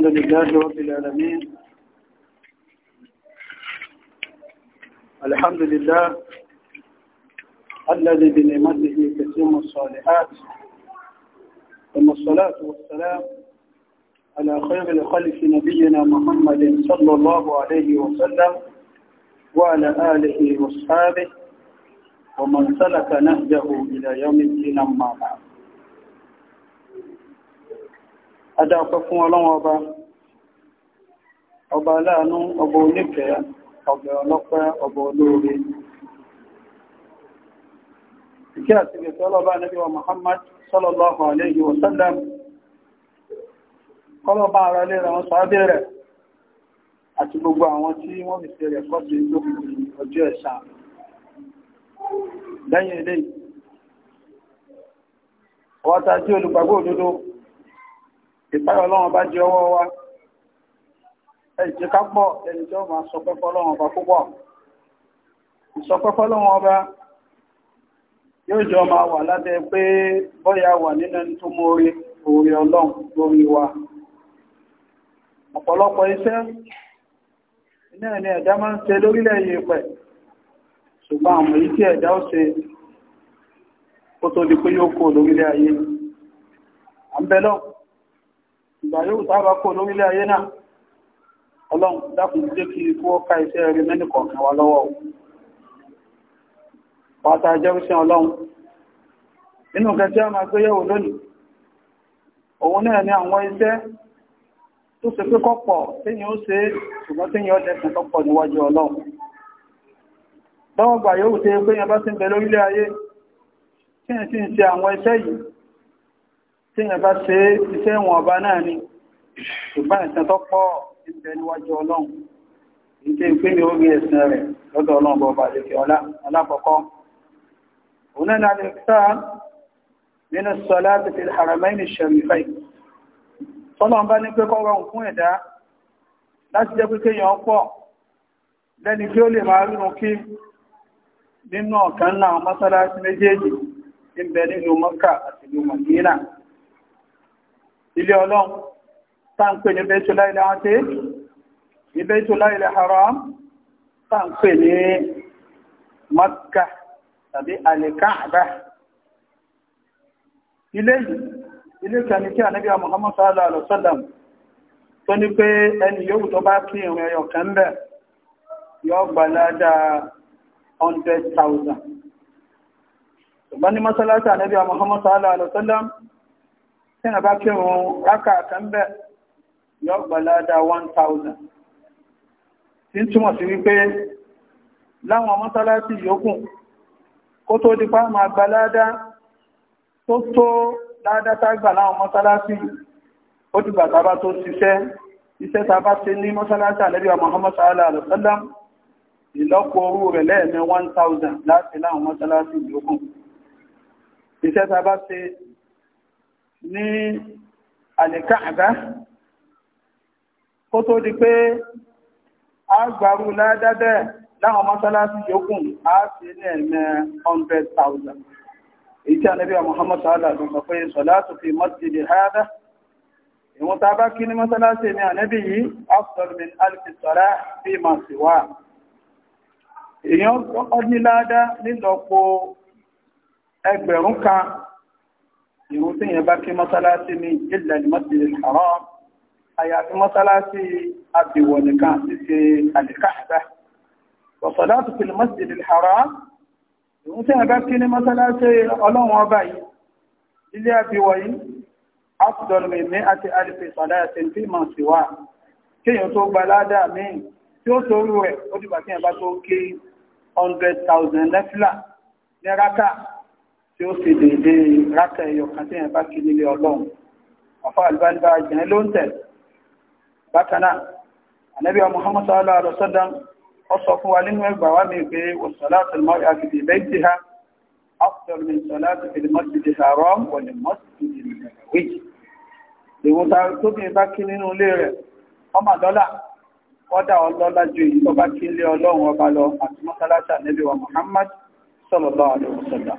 الحمد لله رب العالمين الحمد لله الذي بنعمته تتم الصالحات ثم الصلاة والسلام على خير الخلف نبينا محمد صلى الله عليه وسلم وعلى آله وصحابه ومن سلك نهجه إلى يوم الدين أما بعد adá ọpẹ́ fún ọlọ́wọ́n ọba ọba aláàánú ọba onífẹ̀ẹ́ ọbẹ̀ ọlọ́pẹ́ ọba olóore ìkí àti ìgbẹ̀fẹ́ ọlọ́ba níbi wa Muhammad sallallahu alayhi wa sallam kọlọ́ba ara lè ra wọn sọ́ábẹ̀ rẹ̀ àti gbogbo àwọn tí wọ́n fi ṣe rẹ̀ kọ́sí lókùnrin ọjọ́ ẹ̀sà lẹ́yìn eléyìí ọwọ́ta tí olùgbàgbọ́ òdodo ìpáyọ̀ ọlọ́run bá jẹ́ ọwọ́ wa ẹ̀jẹ̀ ká pọ̀ ẹni tí ó máa sọ pé fọlọ́run ọba púpọ̀ ìsọ pé fọlọ́run ọba yóò jọ máa wà lábẹ́ pé bọ́yá wà nínú ẹni tó mú orí orí ọlọ́run lórí wa ọ̀pọ̀lọpọ̀ iṣẹ́ iná ẹni ẹ̀dá máa ń ṣe lórílẹ̀ yìí pẹ̀ ṣùgbọ́n àwọn èyí tí ẹ̀dá ó ṣe ó tó di pé yóò kó lórílẹ̀ ayé àbẹ́lọ́pọ̀ ìgbà yóò sábà lórílẹ̀ ayé náà ọlọ́run dákun jẹ́ kí ikú ọká iṣẹ́ rẹ̀ mẹ́nì kọ̀ọ̀kan wa lọ́wọ́ pátá jẹ́rìsẹ́ ọlọ́run nínú kẹtí a máa gbéyẹ̀wò lónìí òun náà ni àwọn iṣẹ́ tó tí yẹn bá ṣe iṣẹ́ ìwọ̀n ọba náà ni ṣùgbọ́n ẹ̀sẹ̀ tó pọ̀ ìbẹ̀ níwájú ọlọ́run ìdí ìpínlẹ̀ orí ẹ̀sìn rẹ̀ lọ́dọ̀ ọlọ́run bọba àdèkè lẹ́ni tí ó lè máa rírun kí nínú ọ̀kan náà mọ́sálásí méjèèjì ń nínú Mọ́kà àti ìlú Mọ̀dínà ilé ọlọ́run táǹpé ní bẹ́ẹ̀tùláìlẹ̀ àti ní bẹ́ẹ̀tùláìlẹ̀ haram táǹpé ní Makka tàbí alìkáàbá ilé yìí ilé kan ní kí ànábì Muhammad sallallahu alaihi wasallam tó ní pé ẹni yóò tó bá kí ìrìn ẹyọ kan bẹ̀ yóò gbà ládàá 100,000 ṣùgbọ́n ní mọ́sálásí ànábì Muhammad sallallahu alaihi wasallam tí a bá kírun rákà kan bẹ̀ yọ gbàládà 1000 tí ń túmọ̀ sí wípé láwọn mọ́sálásí yòókù kó tó di pa máa gbàládà tó tó dáadáa tá gbà láwọn mọ́sálásí ó ti gbà tàbá tó ṣiṣẹ́ iṣẹ́ tàbá ṣe ní mọ́sálásí àlẹ́bí wa Muhammad sallallahu alaihi wasallam mọ́sálásí ní àlìkáàbá kó tó di pé a gbàrú ládábẹ́ láwọn mọ́sálásí yókùn a ní ẹ̀mẹ́ 100,000 èyí tí wa Muhammad sallallahu alaihi wasallam pé salatu fi masjid hada ìwọ̀n ta bá kí ní mọ́sálásí ní ànẹ́bí yìí min fi ma ládá ẹgbẹ̀rún kan ìrún tí yẹn bá kí mọ́sálásí ní illa al-masjidil haram àyàfi mọ́sálásí àbìwọ̀ nìkan títí àlìkáàdá wọ̀sọ̀dátù fil masjidil haram ìrún tí yẹn bá kí ní mọ́sálásí ọlọ́run ọba yìí ilé àbìwọ̀ yìí afdal min mi'ati alfi salatin fi ma siwa kéèyàn tó gba ládàá míì tí ó tó rẹ̀ ó dìgbà tí yẹn bá tó kí 100,000 nẹ́fìlà ní rákà tí ó sì dèdè látà ẹyọ kan tí ẹ̀bá kí nílé ọlọ́run ọ̀fọ́ àlùbáńdà jẹ́ ló ń tẹ̀ bákanáà ànábì Muhammad sallallahu alaihi wasallam ó sọ fún wa nínú ẹgbà wá mi pé wàsàlátì mọ́rí àfìdí bẹ́ẹ̀tì ha afdal min salati fil masjidil haram wal masjidil nabawi ìwòta tó bí bá kí nínú ilé rẹ̀ ọmọ dọ́là ọdá ọlọ́lá ju èyí kí ilé ọlọ́run ọba lọ àti mọ́sálásà níbi wa Muhammad sallallahu alaihi wasallam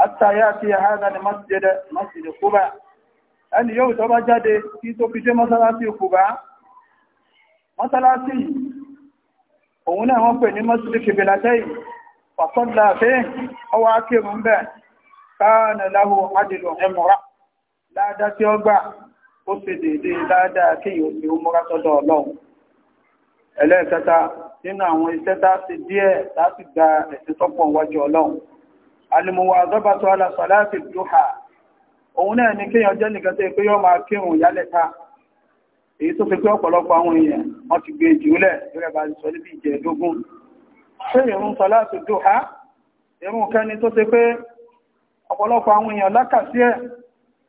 حتى يأتي هذا المسجد مسجد kuba, ẹni yóò tọ́ bá jáde kí tó fi dé mọ́sálásí Kùbá mọ́sálásí òun náà wọ́n pè ní mọ́sílì kìbìlátẹ́yì pàtọ́lá fẹ́yìn ọwọ́ akérùn bẹ́ káànà láhù adìlò ẹmọ́ra dáadáa tí ó gbà ó sì dèdè dáadáa kí yóò fi múra tọ́dọ̀ ọlọ́run ẹlẹ́ẹ̀kẹta nínú àwọn iṣẹ́ tá sì díẹ̀ tá gba ẹ̀sìn tọ́pọ̀ wájú ọlọ́run alìmọ̀wàzọ́bàtọ̀ alàsọ̀láàtì dúhà òun náà ni kíyàn jẹ́ nìkan tó pé yọ́ máa kírun yálẹ́ta èyí tó fi pé ọ̀pọ̀lọpọ̀ àwọn èèyàn wọ́n ti gbé ìjìúlẹ̀ gẹ́gẹ́ bá sọ níbi ìjẹ̀ẹ́dógún ṣé ìrun sọ̀láàtì dúhà ìrun kẹni tó ti pé ọ̀pọ̀lọpọ̀ àwọn èèyàn lákàsí ẹ̀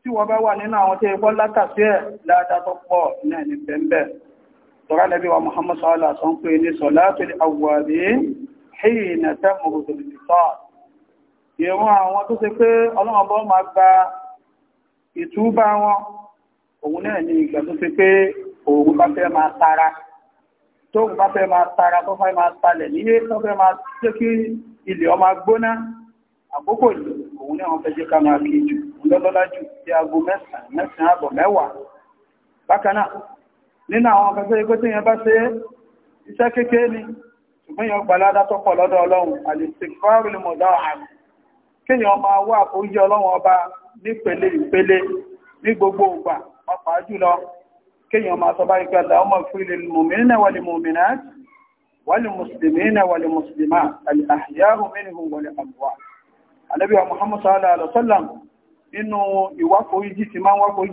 tí wọ́n bá wà nínú àwọn tó yẹ kọ́ lákàsí ẹ̀ dáadáa pọ̀ náà ní bẹ́ẹ̀ tọ́rọ nẹ́bí wa Muhammad sallallahu alaihi pé ní sọ̀láàtì àwùwàrí hìnà tẹ́mùrù tòlùmítọ́ọ̀ ìrún àwọn tó ṣe pé ọlọ́run bọ́ máa gba ìtúbà wọn òun náà ni ìgbà tó ṣe pé òun bá fẹ́ máa tara tó bá fẹ́ máa tara tó fẹ́ máa talẹ̀ níyé tó fẹ́ máa jẹ́ kí ilẹ̀ ọmọ gbóná àkókò yìí òun náà wọ́n fẹ́ jẹ́ ká máa kí jù lọ́lọ́lá jù sí aago mẹ́sàn-án mẹ́sàn-án àbọ̀ mẹ́wàá bákan náà nínú àwọn akẹ́kọ̀ọ́ ikú tí yẹn bá ṣe iṣẹ́ kékeré ni ṣùgbọ́n yẹn kéèyàn máa wá àforíjì ọlọ́run ọba nípele ìpele ní gbogbo ògbà pàápàá jùlọ kéèyàn máa sọ báyìí pé Allahumma ighfir lil mu'minina wal mu'minat wal muslimina wal muslimat al ahya'i minhum wal amwat Ànábì wa Muhammad sallallahu alaihi wasallam nínú ìwáforíjì ti máa ń fáwọn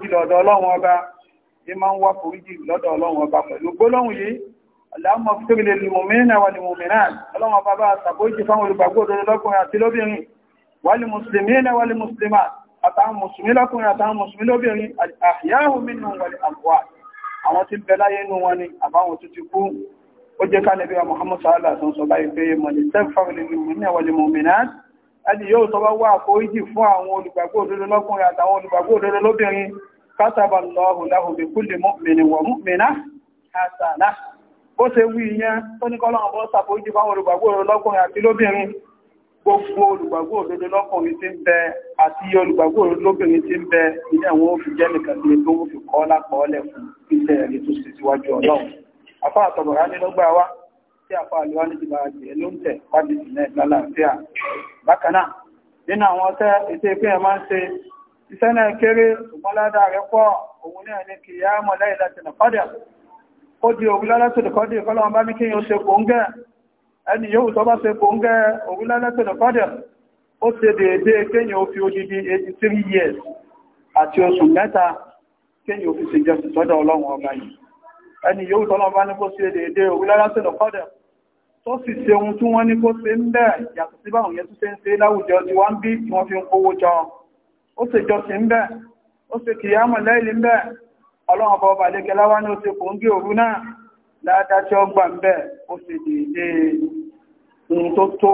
olùgbàgbọ́ òdodo lọ́kùnrin àti lóbìnrin wal muslimina wal muslimat àtàwọn mùsùlùmí lọ́kùnrin àtàwọn mùsùlùmí lóbìnrin àyáhù mínú wal amwat àwọn tí bẹ láyé inú wọn ni àbáwọn tó ti kú ó jẹ́ ká nẹ́bí Muhammad sallallahu alaihi wasallam báyìí pé mọ̀lẹ̀ tẹ́fàrìlì mùmínà wal mu'minat ẹni yóò tọ́ bá wà àforíjì fún àwọn olùgbàgbọ́ òdodo lọ́kùnrin àtàwọn olùgbàgbọ́ òdodo lóbìnrin kátàbà lọ́hùn láhùn bí kulli mu'minin wa mu'minah hasana gbogbo olùgbàgbọ́ òdodo lọ́kùnrin tí ń bẹ àti olùgbàgbọ́ òdodo lóbìnrin tí ń bẹ ilé àwọn òfin nìkan sí tó ń fi kọ́ lápọ̀ọ́lẹ̀ fún iṣẹ́ rẹ̀ tó sì síwájú ọlọ́run afá àtọ̀bọ̀rá ní lọ́gbà wa tí afá àlúwá ní ìgbà àjẹ́ ló ń tẹ̀ pàdé náà lálàáfíà bákan náà nínú àwọn ọtẹ́ ètò ìpín ẹ̀ máa ń ṣe iṣẹ́ náà kéré ṣùgbọ́n ládàá rẹ̀ pọ̀ òun náà ní kì í yá mọ̀ láì láti nà kọ́dẹ̀ ó di òun ẹni yóò tọ́ bá ṣe kò ń gẹ́ orílẹ̀-èdè kọ́dẹ̀ ó ṣe déédé kéyàn ó fi odidi 83 years àti oṣù mẹ́ta kéyàn ó fi ṣe jẹ́ sọ́dọ̀ ọlọ́run ọba yìí ẹni yóò tọ́lọ́ bá ní kó ṣe déédé orílẹ̀-èdè kọ́dẹ̀ tó sì ṣe ohun tí wọ́n ní kó ṣe ń bẹ̀ ohun tó tó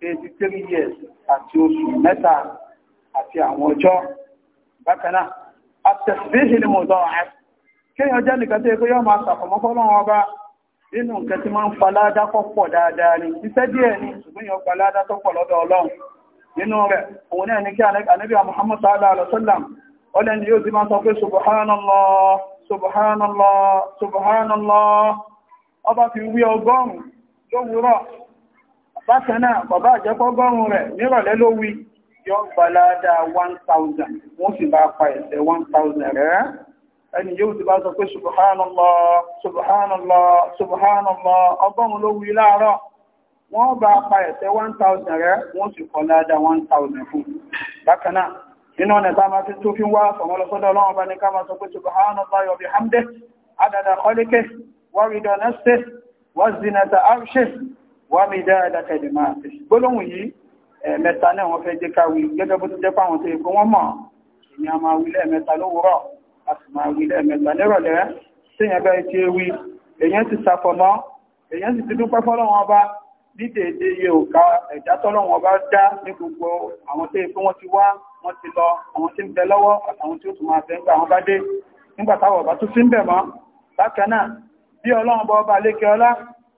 83 years àti oṣù mẹ́ta àti àwọn ọjọ́ bákaná àtẹ̀síbíhì ni mo dán ẹ̀ kéèyàn jẹ́ nìkan tó yẹ pé yọ́ máa sàfọ̀mọ́ fọ́lọ́run ọba nínú nǹkan tí máa ń faládá pọ̀ dáadáa ni iṣẹ́ díẹ̀ ni ṣùgbọ́n yọ faládá tó pọ̀ lọ́dọ̀ ọlọ́run nínú rẹ̀ òun náà ní kí ànábì Muhammad sallallahu alaihi wasallam ọlẹ́ni yóò ti máa sọ pé subhanallah subhanallah subhanallah ọba fi wí ọgọ́rùn-ún lówùúrọ̀ bákan náà bàbá àjẹ́kọ́gọ́rùn rẹ̀ nírọ̀lẹ́ ló wí yọ gbalada 1000 wọ́n sì bá pa ẹ̀sẹ̀ 1000 rẹ̀ ẹni yóò ti bá sọ pé subhanallah subhanallah subhanallah ọgọ́rùn ló wí láàárọ̀ wọ́n bá pa ẹ̀sẹ̀ 1000 rẹ̀ wọ́n sì kọ láda 1000 fún bákan náà nínú ọ̀nà tá máa fi tó fi subhanallah wa bihamdihi adada khalqihi wa rida nafsihi wa zinata wàmí dáadáa kẹ̀lìmá gbólóhùn yìí ẹ̀ẹ̀mẹ́ta náà wọ́n fẹ́ jẹ́ káwí gẹ́gẹ́ bó ti jẹ́ fáwọn tó yẹ kó wọ́n mọ̀ èyí a máa wí lẹ́ẹ̀mẹ́ta lówùúrọ̀ a sì máa wí lẹ́ẹ̀mẹ́ta nírọ̀lẹ́ téèyàn bá ti wí èyàn ti sàfọ̀mọ́ èyàn sì ti dúpẹ́ fọ́lọ́wọ́n ọba ní déédéé iye òka ẹ̀dá tọ́lọ́wọ́n ọba dá ní gbogbo àwọn tó yẹ kó wọ́n ti wá wọ́n ti lọ àwọn tí ń bẹ lọ́wọ́ àtàwọn tí ó tún máa fẹ́ nígbà àwọn bá dé nígbà táwọn ọba tún sí ń bẹ̀ mọ́ bákan náà bí ọlọ́run bọ́ ọba ọlá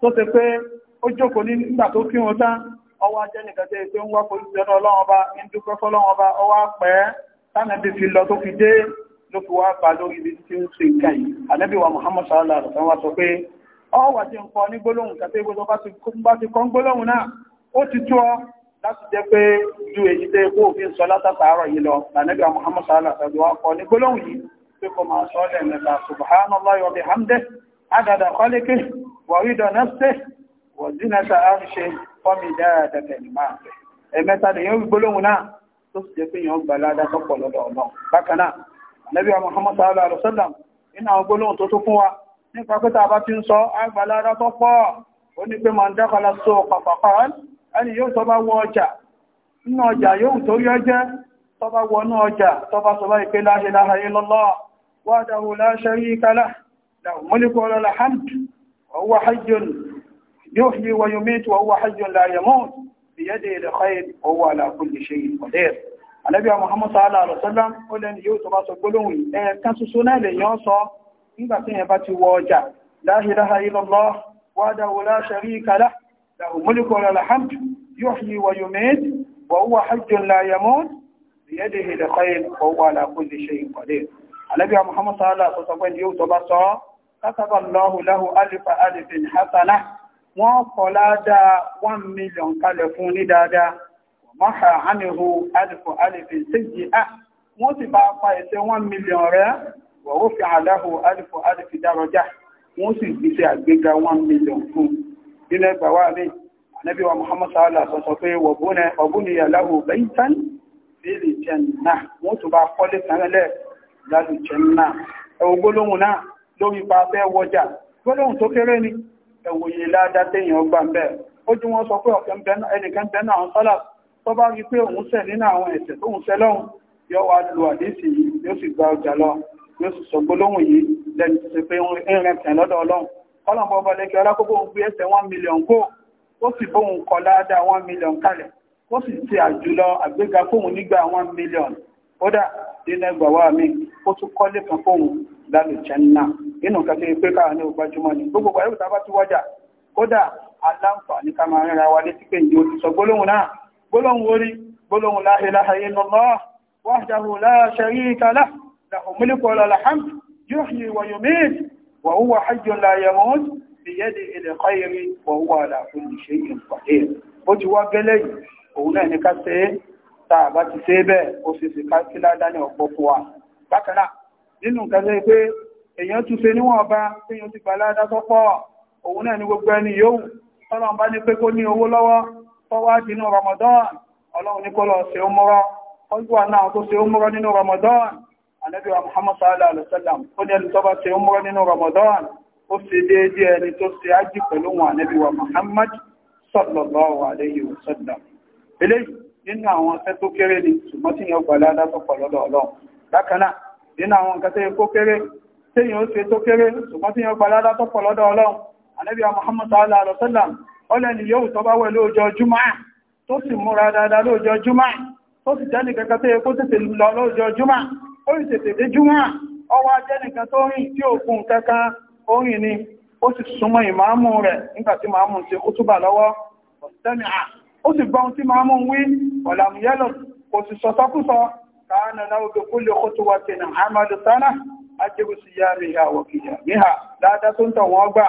tó ṣe pé ó jókòó ní nígbà tó kí wọn tán ọwọ́ ajẹ́ nìkan tẹ́ pé ń wá forí jẹ́nà ọlọ́wọ́n ń tánàbí fi lọ tó fi dé ló fi wá bá lórí ibi tí ń ṣe nǹkan yìí ànábì wa Muhammad sallallahu alaihi ti kọ́ gbólóhùn náà ọ láti pé ju èyí kó òfin sọ yìí lọ ànábì wa Muhammad sallallahu alaihi ní gbólóhùn yìí pé kò máa sọ عدد خلقه ورضا نفسه وزنة عرشه ومداد كلماته ẹ̀mẹ́ta lèyàn gbólóhùn náà tó sì jẹ́ pé èèyàn gbà ládá tọ́pọ̀ lọ́dọ̀ ọ̀nà bákan náà Ànábì Muhammad sallallahu alaihi wasallam nínú àwọn gbólóhùn tó tó fún wa nípa pé tàbá ti ń sọ àgbà ládá tọ́pọ̀ ó ní pé man dakhala suqa faqala ẹni yóò tọ́ bá wọ ọjà nínú ملك ولا الحمد وهو حي يحيي ويميت وهو حي لا يموت بيده الخير وهو على كل شيء قدير النبي محمد صلى الله عليه وسلم ó lẹ́ni yóò tó bá sọ gbólóhùn ẹ̀ẹ̀kan ṣoṣo náà lè yán sọ nígbà tí yẹn bá ti wọ ọjà لا إله إلا الله وحده لا شريك له له الملك وله الحمد يحيي ويميت وهو حي لا يموت بيده الخير وهو على كل شيء قدير النبي محمد صلى الله عليه وسلم yóò tó bá sọ kátàbà lọ́hùláhù alifa alifin hasana wọ́n kọ ládáa 1 million kalẹ̀ fún ní dáadáa mọ́ha ánìhù alifa alifin síjì á wọ́n sì bá pa ẹ̀ṣẹ̀ 1 million rẹ̀ wọ́wọ́ fi àdáhù alifa alifin dárọjá wọ́n sì gbíṣẹ́ àgbéga 1 million fún nínú ẹgbàwà mi ànábì wa muhammad sallallahu alaihi wasallam pé lórí pa fẹ́ wọjà gbọ́lọ́hùn tó kéré ni ẹ̀wòye ládá tẹ́yìn ọgbà mẹ́ ó jí wọ́n sọ pé ẹnìkan bẹ́nà àwọn sọ́là tó bá rí pé òun ṣẹ̀ nínú àwọn ẹ̀ṣẹ̀ tó ń ṣẹ̀ lọ́hùn yóò wá lu àdéṣì yìí yóò sì gba ọjà lọ yóò sì sọ gbólóhùn yìí lẹ́nu tó ṣe pé ń rẹ̀ tẹ̀ lọ́dọ̀ ọlọ́run ọlọ́run bọ́bọ́ lẹ́kẹ́ ọlákókó ń gbé ẹsẹ̀ million kó ó sì bóun kọ ládàá one million kódà dínlẹ́gbà wà mí ó tún kọ́lé kan fóun lálẹ́ china nínú nǹkan tó yẹ pé káà ní ògbájúmọ́ ni gbogbo pàdé òtá bá tún wájà kódà aláǹfààní ká máa ríra wa létí pé ìdí ó ti sọ gbólóhùn náà gbólóhùn orí gbólóhùn la ilaha illallah wahdahu la sharika lahu lahul mulku wa lahul hamdu yuhyi wa yumeet wá tá a bá ti ṣe é bẹ́ẹ̀ ó ṣe ṣe kí ládání ọ̀pọ̀ fún wa bákan náà nínú nǹkan tó yẹ pé èèyàn tún ṣe níwọ̀n ọba téèyàn ti gbà ládá tó pọ̀ òun náà ni gbogbo ẹni yóò tọ́lọ́n bá ní pé kó ní owó lọ́wọ́ tọ́wá dínú Ramadan ọlọ́run ní kó lọ ṣe ó mọ́rọ́ ọjọ́ náà tó ṣe ó nínú Ramadan Ànábì Muhammad sallallahu alaihi wasallam ó ní ẹni tó bá ṣe ó nínú Ramadan ó ṣe déédé ẹni tó ṣe ájì pẹ̀lú wọn Ànábì Muhammad sallallahu alaihi wasallam eléyìí nínú àwọn ọ̀sẹ́ tó kéré ni ṣùgbọ́n tí yẹn gbàlẹ́ adásọ̀pọ̀ lọ́dọ̀ ọlọ́run bákanáà nínú àwọn nǹkan kere kó kéré tí yẹn ó ṣe tó kéré ṣùgbọ́n tí yẹn gbàlẹ́ ọlọ́run Muhammad sallallahu alaihi wasallam yóò tọ́ bá wẹ̀ lóòjọ́ júmọ́ tó sì múra dáadáa lóòjọ́ tó sì tó yẹ kó tètè lọ lóòjọ́ ó sì tètè dé ọwọ́ ajẹ́ nìkan tó rìn ni ó sì súnmọ́ ìmáàmù rẹ̀ nígbà ó sì gbọ́n tí máa mú wí ọ̀làmúyẹ́lọ̀ kò sì sọ̀tọ́kùsọ káàna náà obè kó lè kótó wa tẹ̀nà hamadu sana ajẹ́gù sí yá rí ha wọ̀ kìyà níhà dáadáa tó ń tọ̀ wọ́n gbà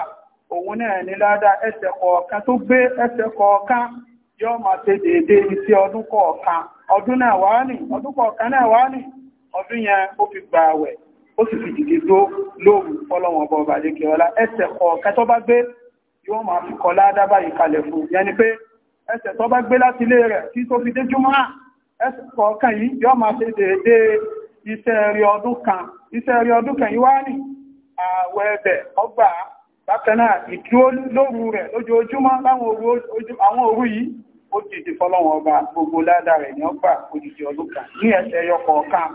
òun náà ní dáadáa ẹsẹ̀ kọ̀ọ̀kan tó gbé ẹsẹ̀ kọ̀ọ̀kan yóò máa ṣe déédé sí ọdún kọ̀ọ̀kan ọdún náà wá nì ọdún kọ̀ọ̀kan náà wá nì ọdún yẹn ó fi gbà àwẹ̀ ó sì fi dìde dó lóòrùn fọlọ́wọ́n bọ̀ bàdé kẹwàlá ẹsẹ̀ kọ̀ọ̀kan tó bá gbé yóò máa fi kọ́ ládá báyìí kalẹ̀ fún yẹn ni pé ẹsẹ̀ tó bá gbé láti ilé rẹ̀ tí tó fi dé jùmọ́ ẹsẹ̀ kọ̀ọ̀kan yìí yọ́ máa ṣe déédé iṣẹ́ rí ọdún kan iṣẹ́ rí ọdún kan yìí wá ní ààwẹ̀ ẹ̀bẹ̀ ọgbà bákan náà ìdúró lóru rẹ̀ lójoojúmọ́ láwọn òru yìí ó dìdì fọ́lọ́wọ́n ọba gbogbo ládàá rẹ̀ ní ọgbà òjìjì ọdún kan ní ẹsẹ̀ ẹyọ kọ̀ọ̀kan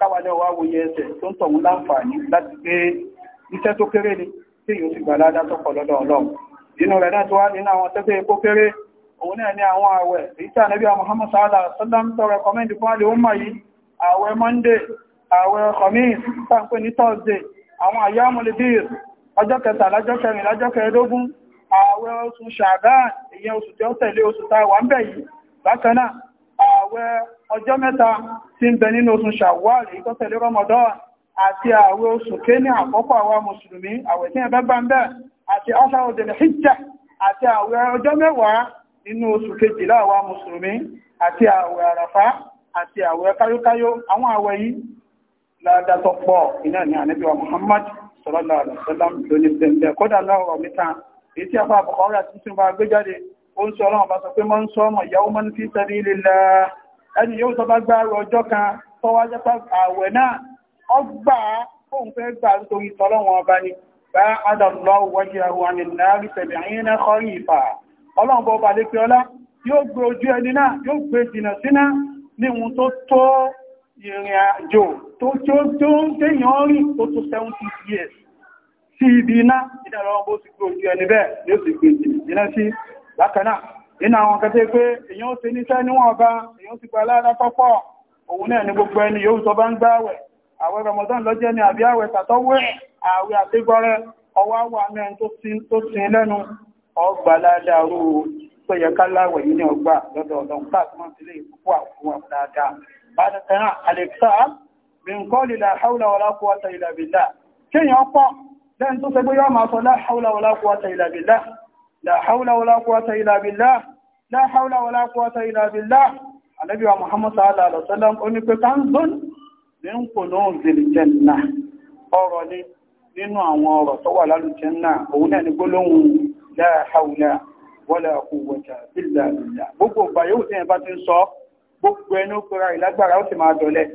káwàlẹ̀ wá wòye ẹsẹ̀ tó ń tọ̀hún láǹfààní láti gbé iṣẹ́ tó kéré ni tí yóò sì gbà ládàá tó pọ̀ lọ́dọ̀ ọlọ́run inú rẹ̀ náà tó wá nínú àwọn tẹ́tẹ́ epo kéré òun náà ni àwọn àwẹ̀ èyí tí ànábì Muhammad sallallahu alaihi wasallam tó recommend fún àlè ó mọ̀ yìí àwẹ̀ Monday àwẹ̀ Khamis tàǹpé ní Thursday àwọn ayyamul bir ọjọ́ kẹta lájọ́ kẹrin lájọ́ kẹẹ̀ẹ́dógún àwẹ̀ oṣù Sha'ban ìyẹn oṣù tí ó tẹ̀lé oṣù táwà ń bẹ̀ yìí bákan náà àwẹ̀ ọjọ́ mẹ́ta tí ń bẹ nínú oṣù Shawwal èyí tó tẹ̀lé Ramadan àti àwẹ̀ oṣù nínú oṣù kejìlá àwa mùsùlùmí àti àwẹ̀ àràfá àti àwẹ̀ káyókáyó àwọn àwẹ̀ yìí ládàtọ̀ pọ̀ iná ní ànábì wa Muhammad sallallahu alaihi wasallam lóní bẹ̀m̀bẹ̀ kódà lọ́rọ̀ mítà èyí tí afá àbùkọ́rẹ́ àti tí wọ́n gbé jáde ó ń sọ ọlọ́run bá sọ pé mọ́ ń sọ ọmọ ìyàwó mọ́ ní fi sabilillah ẹni yóò sọ bá gbá ọjọ́ ọlọ́run bọba lè pé ọlá yóò gbé ojú ẹni náà yóò gbé jìnà síná ní ohun tó tó ìrìn àjò tó tó ń tèyàn rí tó tó 70 years sí ibi iná ìdàlọ́wọ́ bó ti gbé ojú ẹni bẹ́ẹ̀ ní ó sì gbé jìnà sí bákanáà nínú àwọn kẹtẹ́ pé èyàn ó ti níṣẹ́ níwọ̀n ni gbogbo ẹni yóò tó bá ń gbáwẹ̀ àwẹ̀ Ramadan ni àbí àwẹ̀ tàtọ́wẹ̀ àwẹ̀ àtẹ́gbọ́rẹ́ ọgbà ládàárú péye káláwẹ̀ yìí ní ọgbà lọ́dọ̀ ọlọ́run káàkiri máa ń tilé púpọ̀ àwọn àwọn dáadáa bá ti tẹ̀ràn alexa bínkọ́lì la haúlà wọlá kó wáta ìlà bìlá kéèyàn pọ̀ lẹ́yìn tó sẹgbé yọ́ máa sọ la haúlà wọlá kó wáta ìlà bìlá la haúlà wọlá kó wáta ìlà bìlá la haúlà wọlá kó wáta ìlà bìlá anabi wa muhammad sallallahu alaihi wasallam ó ní pé nínú àwọn ọ̀rọ̀ tó wà lálùjẹ́ náà òun náà ni gbólóhùn la hawla wala quwwata illa billah gbogbo ọgbà yóò tí ẹ bá ti ń sọ gbogbo ẹnu pẹ̀rà ìlágbára ó sì máa dọ̀lẹ̀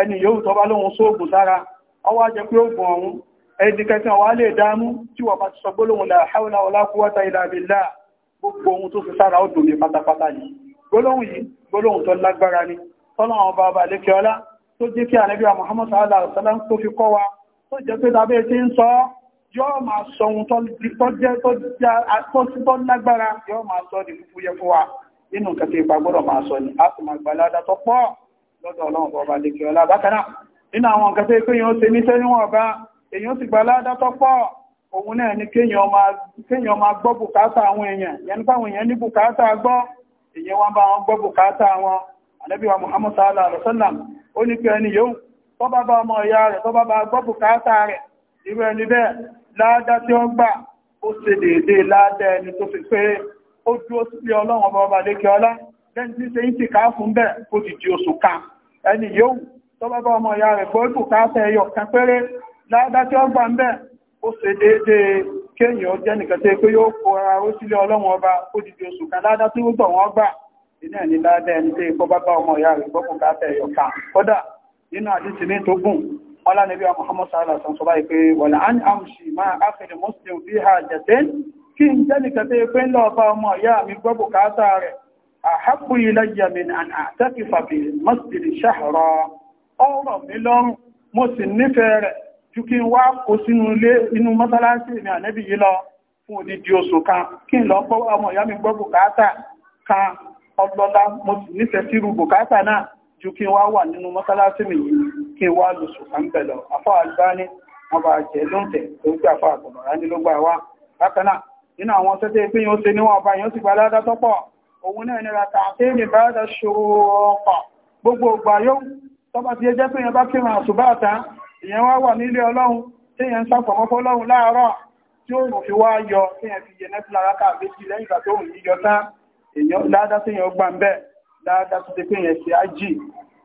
ẹni yóò tọ́ bá lóhun sóògùn sára ọwá jẹ pé ogun ọ̀hún ẹni kẹsàn wà lè dámú tí wọ́n bá ti sọ gbólóhùn la hawla wala quwwata illa billah gbogbo ohun tó fi sára ó dùn ní jẹ́ kí ànábì Muhammad sallallahu tó fi kọ́ wa tó jẹ́ pé tàbí ti ń sọ yóò máa sọ ohun tó lágbára yóò máa sọ ní fúfú yẹ fún wa nínú nǹkan tí ipa gbọ́dọ̀ máa sọ ní a sì máa gbà ládá tó pọ̀ lọ́dọ̀ ọlọ́run bọba lèkè ọlá bákan náà nínú àwọn nǹkan tí pé èèyàn ṣe ní sẹ́yìn ni kéèyàn máa gbọ́ bùkátà àwọn èèyàn yẹn fáwọn èèyàn ní bùkátà gbọ́ èèyàn wọn bá wọn gbọ́ bùkátà wọn ànábì wa Muhammad sallallahu alaihi wasallam ó ní pé ẹni yóò tó ọmọ ìyá rẹ̀ tó bá bá rẹ̀ irú ẹni bẹ́ẹ̀ láàdá tí ó gbà ó se ẹni tó fi pé ó dúró ọlọ́run ọba ọba ọlá lẹ́ni tí ṣe ń ti ká fún bẹ́ẹ̀ ti kan ẹni yóò tó bá ọmọ ìyá rẹ̀ gbọ́ ìtù fẹ́ kan péré tí ó gbà ń bẹ́ẹ̀ ó ara ó sílé ọba ti di oṣù kan tí ó ẹni ẹni tí bá kan kódà nínú ní ọlá nẹbí Muhammad sallallahu alaihi wasallam sọ báyìí pé wọ̀lá án àmṣì máa áfẹ́lẹ̀ muslim bí ha jẹ̀tẹ́ kí n jẹ́ nìkan tẹ́ pé lọ bá ọmọ ìyá mi gbọ́ bùkátà rẹ̀ àhápù ilayya min an àtẹ́kìfà bí masjid shahra ọrọ̀ mi lọ́rùn mo sì nífẹ̀ẹ́ rẹ̀ ju kí n wá kó sínú ilé inú mọ́sálásí wà nínú mọ́sálásí mi yìí kí wá lùsù kan bẹ̀lọ̀ afọ́ àlùbáni wọn bá jẹ́ lóǹtẹ̀ tó gbé afọ́ àgbọ̀nrán ní ló gbà wá bákan náà nínú àwọn tẹ́tẹ́ pé yóò ṣe níwọ̀n ọba yóò sì gba aládá tọ́pọ̀ òun náà nira tààtẹ́ ní báyádá ṣòro ọ̀pọ̀ gbogbo ọgbà yóò tọ́bà ti jẹ́ pé yẹn bá kírun àṣùbáàtà ìyẹn wá wà nílé ọlọ́run tí yẹn ń sàfọ̀mọ́fọ́ ọlọ́run láàárọ̀ tí ó fi wá yọ tí yẹn fi yẹn nẹ́fìlà rákà méjì lẹ́yìn ìgbà tó ń yíyọ tán èèyàn ládá tí yẹn gbà ń bẹ́ẹ̀ ládá tó ti pé yẹn ṣe ájì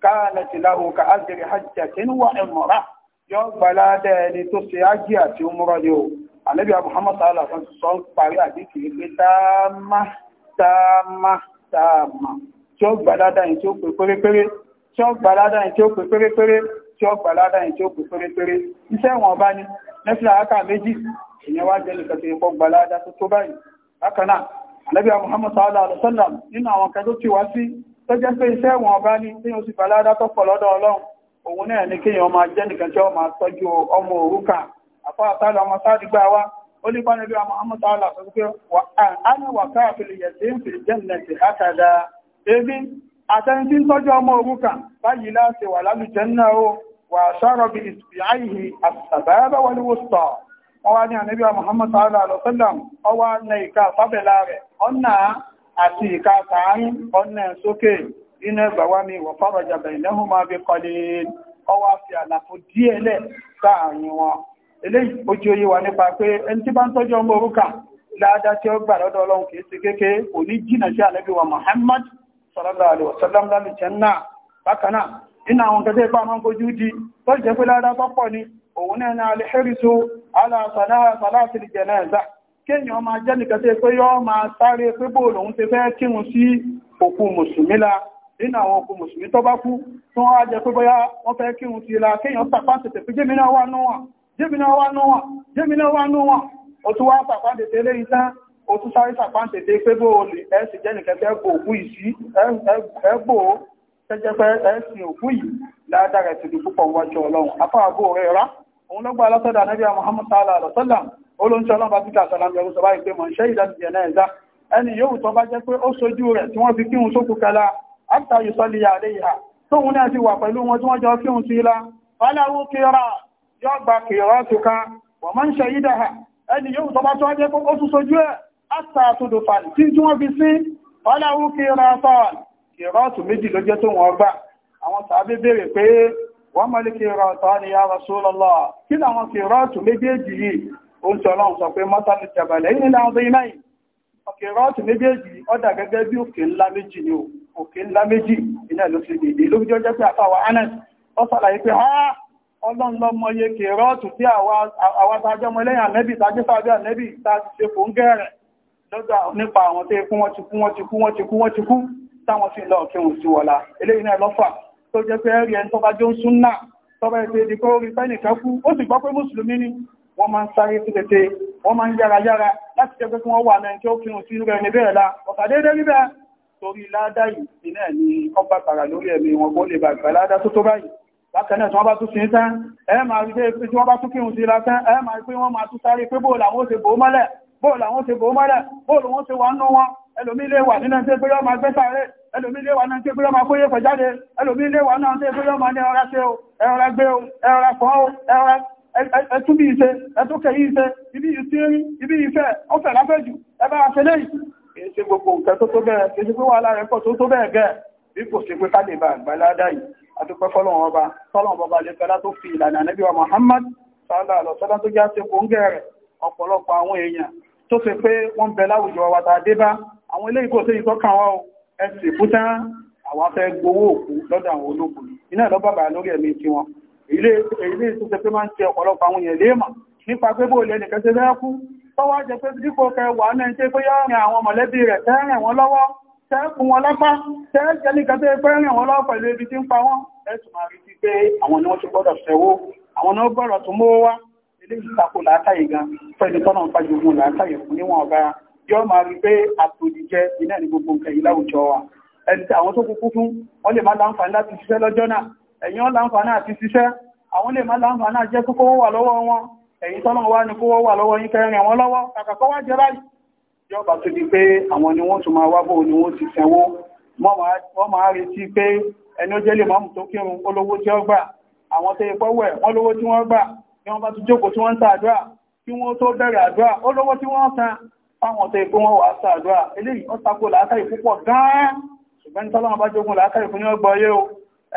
káàlẹ̀ tí láhùn ká ájẹrẹ hajjá tí ń wà ẹ̀mọ̀rá yóò gbàlá dẹ́ẹni tó ṣe ájí àti òmùrọ̀ ni o àlẹ́bí Muhammad sàálà fún sọ ń parí àdíkì pé táàmà táàmà táàmà tí ó gbàlá dáyìn tí ó pè pérépéré tí ó gbàlá dáyìn tí ó pè pérépéré tí ó gbàlá dáyìn tí ó pè pérépéré iṣẹ́ wọn bá ní nẹ́fìlà áká méjì ìyẹn wá jẹ́ nìkan tí ó gbàlá dá tó báyìí bákan náà àlẹ́bí Muhammad sàálà alẹ́sọ́là nínú tó jẹ́ pé iṣẹ́ wọn bá ní tí ó sì balada tó pọ̀ lọ́dọ̀ ọlọ́run òun náà ní kéèyàn máa jẹ́ nìkan tí ó máa tọ́jú ọmọ òrùka àfọ́ àtàlù ọmọ sáàdì gbà wá ó ní bá níbi ọmọ ọmọ tààlà sọ pé a ní wà káàkiri yẹ̀ sí ń fi jẹ́nẹ̀tì àkàdá ebi àtẹni tí ń tọ́jú náà àti ìka sàánú ọ̀nà sókè nínú ẹgbàwá mi wọ̀ fọ́rọ̀jà bẹ̀rẹ̀lẹ́hùn máa fi kọlẹ̀ ọwá fi àlàfo díẹ̀ lẹ̀ sáàrin wọn eléyìí ojú oyé wa nípa pé ẹni tí bá ń tọ́jú ọmọ orúkà láàdá tí ó gbà lọ́dọ̀ ọlọ́run kìí sí kéèké kò ní jìnà sí ànábì wa Muhammad sallallahu alaihi wasallam lálù jẹ́nà bákanáà nínú àwọn kẹtẹ́ ipá máa ń kojú di tó jẹ́ pé láàdá pọ́pọ̀ ni òun náà ní alẹ́hẹ́rìsó alásàlá kéèyàn máa jẹ́ nìkan tí pé yọ́ máa sáré pé bó lòun ti fẹ́ kírun sí òkú mùsùlùmí la nínú àwọn òkú mùsùlùmí tó bá kú tí wọ́n á jẹ pé bóyá wọ́n fẹ́ kírun sí la kéèyàn sàpá tètè pé jémi náà wà nú wọn jémi náà wà nú wọn jémi náà wà nú wọn ó tún wá sàpá tètè léyìn tán ó tún sáré sàpá tètè pé bó ẹ sì jẹ́ nìkan tẹ́ gbò òkú yìí sí ẹ gbò ó tẹ́jẹ́ pé ẹ sin òkú yìí ládàá rẹ̀ òun lọ́gbà alásọ́dà anábí Muhammad sallallahu alaihi wasallam olóńṣẹ́ ọlọ́mà tí kà sàlámì ọrùn sọ báyìí pé mọ̀ ṣe ìdájìjẹ̀ náà ẹ̀dá ẹni yóò tọ́ bá jẹ́ pé ó sojú rẹ̀ tí wọ́n fi kírun sókù kẹla áfíà yìí sọ́lì àlé ìhà tóun náà ti wà pẹ̀lú wọn tí wọ́n jọ kírun sí ilá fáláwú kíra yóò gba kíra tuka wọ́n mọ́ ń ṣe ìdá ha ẹni yóò tọ́ bá tọ́ jẹ́ pé ó tún sojú ẹ̀ áfíà dò fà tí tí wọ́n fi sí fáláwú kíra fà kíra tù méjì ló jẹ́ tó wọn gbà àwọn tàbí béèrè pé wọ́n mọ́lé kìrọ̀tọ́ ni ya Rasulullah kí láwọn kìrọ̀tù méjèèjì yìí o ń sọ lọ́n sọ pé mọ́tàlù jẹ̀bẹ̀lẹ̀ yìí nílá ọdún iná yìí kìrọ̀tù méjèèjì ọdà gẹ́gẹ́ bí òkè ńlá méjì ni òkè ńlá méjì iná ló fi dìde ló jọ jẹ́ pé àtàwà anas ó sàlàyé pé ha ọlọ́n lọ mọye kìrọ̀tù tí àwa sájọ́ mọ lẹ́yìn ànẹ́bì sájú sájú ànẹ́bì tá ti ṣe fò ń gẹ́rẹ̀ lọ́dọ̀ nípa àwọn tó kú wọ́n ti kú wọ́n ti kú wọ́n ti kú wọ́n ti kú táwọn fi lọ kírun sí wọ́la eléyìí náà lọ́fà tó jẹ́ pé ẹ̀rí ẹni tó bá jó ń súnnà tó bá ẹ̀sẹ̀ ìdíkọ́ orí pẹ́ nìkan kú ó sì gbọ́ pé mùsùlùmí ni wọ́n máa ń sáré sí tètè wọ́n máa ń yára yára láti jẹ́ pé wọ́n wà náà tí ó kírun sí rẹ̀ níbẹ̀ la ọ̀tàdédé rí bẹ́ẹ̀ torí ládá yìí ni ọba tààrà lórí ẹ̀mí wọn kó lè bà gbà ládá tó tó báyìí bákan náà tí wọ́n bá tún sin tán ẹ máa rí pé tí wọ́n bá tún kírun sí lásán ẹ máa ẹlòmí ilé wà nínú tí pẹ́yọ́ ma gbẹ́ta rẹ̀ ẹlòmí ilé wà náà tí pẹ́yọ́ ma kóyé pẹ̀jáde ẹlòmí ilé wà náà tí pẹ́yọ́ ma ní ọ̀rá ṣe o ẹ̀rọ̀ra gbé o ẹ̀rọ̀ra pọ̀ o ẹ̀rọ̀ra ẹtúbí iṣẹ́ ẹtúkẹ̀ yí iṣẹ́ ibi ìsírí ibi ìfẹ́ ọfẹ́ láfẹ́jù ẹbá afẹ́lẹ́ yìí ṣe gbogbo nǹkan tó tó bẹ́ẹ̀ ṣe ṣe pé wà lára ẹ̀kọ́ tó tó bẹ́ẹ̀ gẹ́ bí kò ṣe pé káde bá àgbàládá yìí àtúpẹ́ fọ́lọ́wọ́n ọba fọ́lọ́wọ́n ọba lè fẹ́lá tó fi ìlànà Ànábì wa Muhammad sọ́lá lọ́sọ́lá tó já sí kóńgẹ́ rẹ̀ ọ̀pọ̀lọpọ̀ àwọn èèyàn tó ṣe pé wọ́n bẹ láwùjọ wa tàdébá àwọn ilé ìkó sí ìtọ́kàn wọn ẹ̀sì fúta àwọn afẹ́ gbowó òkú lọ́dọ̀ àwọn ológun iná lọ bàbà lórí ẹ̀mí tí wọn ilé tó ṣe pé máa ń ṣe ọ̀pọ̀lọpọ̀ àwọn èèyàn léèmà nípa pé bó lè nìkan ṣe fẹ́ kú tọ́wọ́ jẹ pé dípò kẹ wà náà ṣe pé yára rìn àwọn mọ̀lẹ́bí rẹ̀ tẹ́ rìn wọn lọ́wọ́ tẹ́ fún wọn lápá tẹ́ jẹ́ nìkan tó pẹ́ rìn wọn lọ́wọ́ pẹ̀lú ibi tí ń pa ni wọ́n ilé ìtakò látàyè gan fẹ́ni tọ́nà ń fàjogún látàyè fún níwọ̀n ọba yọ́ máa rí pé àtòdìjẹ iná ní gbogbo nǹkan yìí láwùjọ wa ẹni tí àwọn tó kúkú fún wọ́n lè má láǹfààní láti ṣiṣẹ́ lọ́jọ́ náà ẹ̀yin láǹfààní àti ṣiṣẹ́ àwọn lè má láǹfààní àti jẹ́ kókó wà lọ́wọ́ wọn ẹ̀yin tọ́lọ́ wá ní kówó wà lọ́wọ́ yín kẹrin àwọn lọ́wọ́ kàkà kọ́ wá jẹ báyìí yọ́ bá tó di pé àwọn ni wọ́n tún máa wá bó ni wọ́n ti sanwó wọ́n máa retí pé ẹni ó jẹ́ lè máa tó kírun olówó tí ó gbà àwọn tó ipọ́ wẹ̀ wọ́n lówó tí wọ́n gbà ni wọ́n bá tún jókòó tí wọ́n ń ta àdúrà kí wọ́n tó bẹ̀rẹ̀ àdúrà ó tí wọ́n san fáwọn tó ikú wọn wà sàdúrà eléyìí ó takò làákàrí púpọ̀ gan-an ṣùgbọ́n tọ́lọ́wọ́n bá jogun làákàrí fún yóò gbọ́ yóò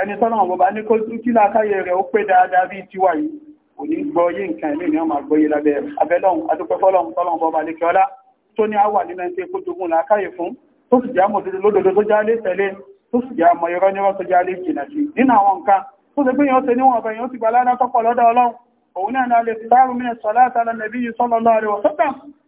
ẹni tọ́lọ́wọ́n bá ní kó kí làákàrí rẹ̀ ó pé dáadáa bí tiwa yìí kò ní gbọ́ yé nǹkan ilé ni wọ́n máa gbọ́ yé lábẹ́ abẹ́lọ́hun adúpẹ́ fọ́lọ́hun tọ́lọ́wọ́n bọ́ bá lè kí ọlá tó ní àwà nínú ẹni tó jogun làákàrí fún tó sì já mọ̀ lódodo tó já lé tẹ̀lé tó sì já mọ̀ irọ́ nírọ́ tó já lé jìnà sí nínú àwọn nǹkan tó sì pé yẹn ṣe níwọ̀n ọ̀bẹ̀ yẹn ó ti gba ládá tọ́pọ̀ lọ́dọ̀ ọlọ́run òun náà ni a lè fi dárú mí sọ̀lá àtàlà nàbí yìí sọ́lọ́lọ́ àrẹwọ̀ sọ́tà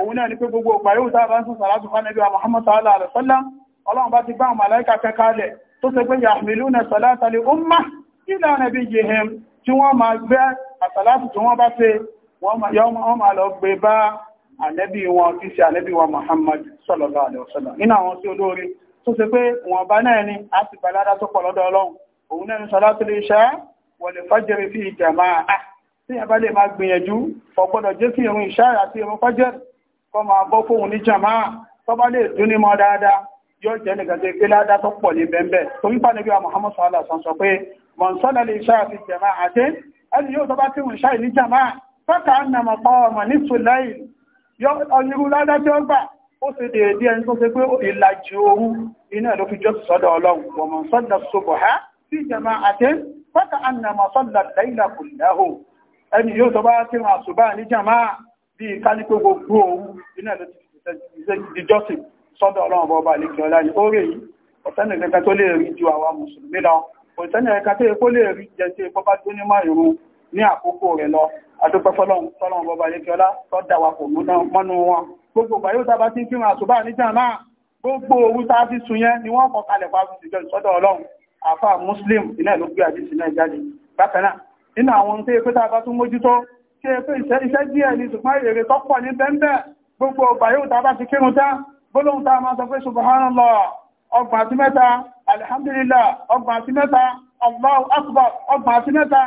òun náà ni pé gbogbo ògbà yóò dáa bá ń sùn sàlátù fún Ànábì Muhammad sallallahu alaihi wasallam ọlọ́run bá ti bá àwọn màláìkà kẹkàálẹ̀ tó ṣe pé yahmiluna salata li umma ila nabiyihim tí wọ́n máa gbé àsàlátù tí wọ́n bá ṣe wọ́n máa lọ gbé bá ànẹ́bí wọn tí ṣe ànẹ́bí wọn Muhammad sallallahu alaihi wasallam nínú àwọn sí olóore tó ṣe pé wọn bá náà ni a ti balada tó pọ̀ lọ́dọ̀ ọlọ́run òun náà ni salatu li isha wal fajri fi jama'a tí a bá lè máa gbìyànjú ọgbọ́dọ̀ jẹ́ sí ìrun ìṣá àti ìrun fajri kọ́ máa bọ́ fóun ní jàmáà tọ́bá lè dún ní mọ́ dáadáa yóò jẹ́ nìkan tó pé ládá tó pọ̀ ní bẹ́ẹ̀ torí pa níbi Muhammad sọ́lá sọ sọ pé mọ̀nsọ́lá lè ṣáà fi jàmá àti ẹni yóò tọ́bá tí wọ́n ṣáà ní jàmá fẹ́ka ń nà mọ̀ pa ọmọ ní tùláì ọyírú ládá tí ó bí i kálípé gbogbo ohun iná ẹ̀lọ́ ti jọ́sìn sọ́dọ̀ ọlọ́run bọ́ọ̀bá àlékẹ́ ọlá ni ó rè yìí ọ̀tẹ́nì kẹta tó lè rí ju àwa mùsùlùmí lọ ọ̀tẹ́nì kẹta tó yẹ kó lè rí jẹ́ sí epo bá tó ní mọ́ ìrun ní àkókò rẹ̀ lọ adúpẹ́ fọlọ́run sọ́lọ́run bọ́ọ̀bá àlékẹ́ ọlá tó dà wà pọ̀ mọ́nú wọn gbogbo ìgbà yóò tábà tí ń kírun àsùbá níjà náà gbogbo òru tá a fi sun yẹn ni wọ́n kọ́ kalẹ̀ pa fún ìjọ ìsọ́dọ̀ ọlọ́run àfa muslim iná ló gbé àdìsí náà jáde bákan náà nínú àwọn ohun tó yẹ pé a bá tí ẹ pé iṣẹ́ díẹ̀ ní ṣùgbọ́n èrè tọ́pọ̀ ní bẹ́ẹ̀ gbogbo ọgbà yóò tá bá ti kírun tán gbólóhùn tá a máa sọ pé subhanallah ọgbà àti mẹ́ta alhamdulillah ọgbà àti mẹ́ta allahu akbar ọgbà àti mẹ́ta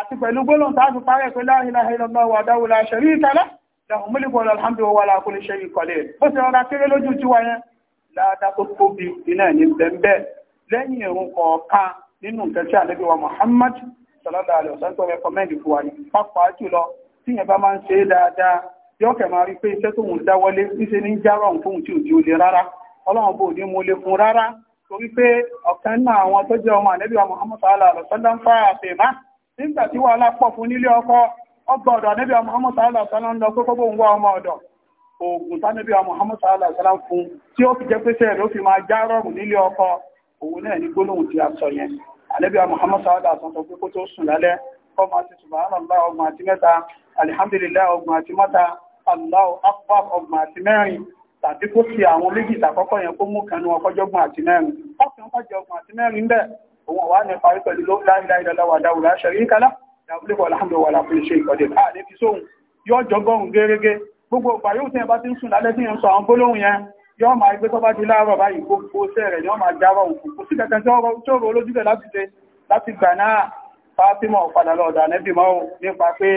àti pẹ̀lú gbólóhùn tá a fi parẹ́ pé la ilaha illallah wahdahu la sharika lahu lahul mulku wa lahul hamdu wa huwa ala kulli shay'in qadir bó ti rọra kéré lójú tí wáyé láàdá tó tóbi iná ní bẹ́ẹ̀ lẹ́yìn ìrun kọ̀ọ̀kan nínú nǹkan tí ànábì wa Muhammad sọlọ́dà àlọ́ sọ́tọ̀ rẹkọmẹ́ndì fún wa ní pápá jùlọ tí yẹn bá máa ń ṣe é dáadáa yóò kẹ̀ máa rí pé iṣẹ́ tó ń dáwọ́lé níṣe ní járọ̀ fóun tí ò di olè rárá ọlọ́run bò ní mo lè fún rárá torí pé ọ̀kan náà àwọn tó jẹ́ ọmọ ànẹ́bí ọmọ ń nígbà tí wàhálà pọ̀ fún nílé ọkọ ọgbà ọ̀dọ̀ ànẹ́bí ọmọ ń lọ kókó bóun wá ọmọ ọ̀dọ̀ oògùn ọmọ ọkọ òun náà ní a sọ àlẹ́bíà Muhammad sáwádà sọ pé kó tó sùn lálẹ́ kọmọ àti subhanallah ọgbọ̀n àti mẹ́ta alhamdulillah ọgbọ̀n àti mọ́ta Allahu akbar ọgbọ̀n àti mẹ́rin tàbí kó fi àwọn méjì tàkọ́kọ́ yẹn kó mú kanú ọkọ́jọ́gbọ̀n àti mẹ́rin gẹ́gẹ́gẹ́ gbogbo ọgbà yóò tẹ́ bá ti ń sùn lálẹ́ tí yẹn sọ àwọn gbólóhùn yẹn yọ́ máa gbé tọ́bá di láàárọ̀ báyìí gbogbo ṣẹ́ rẹ̀ yọ́ máa jáwọ́ òkú kò sí kẹta tí ó rò olójúlẹ̀ láti ṣe láti gbà náà fátímọ̀ padà lọ́ọ̀dà nẹ́bì mọ́ nípa pé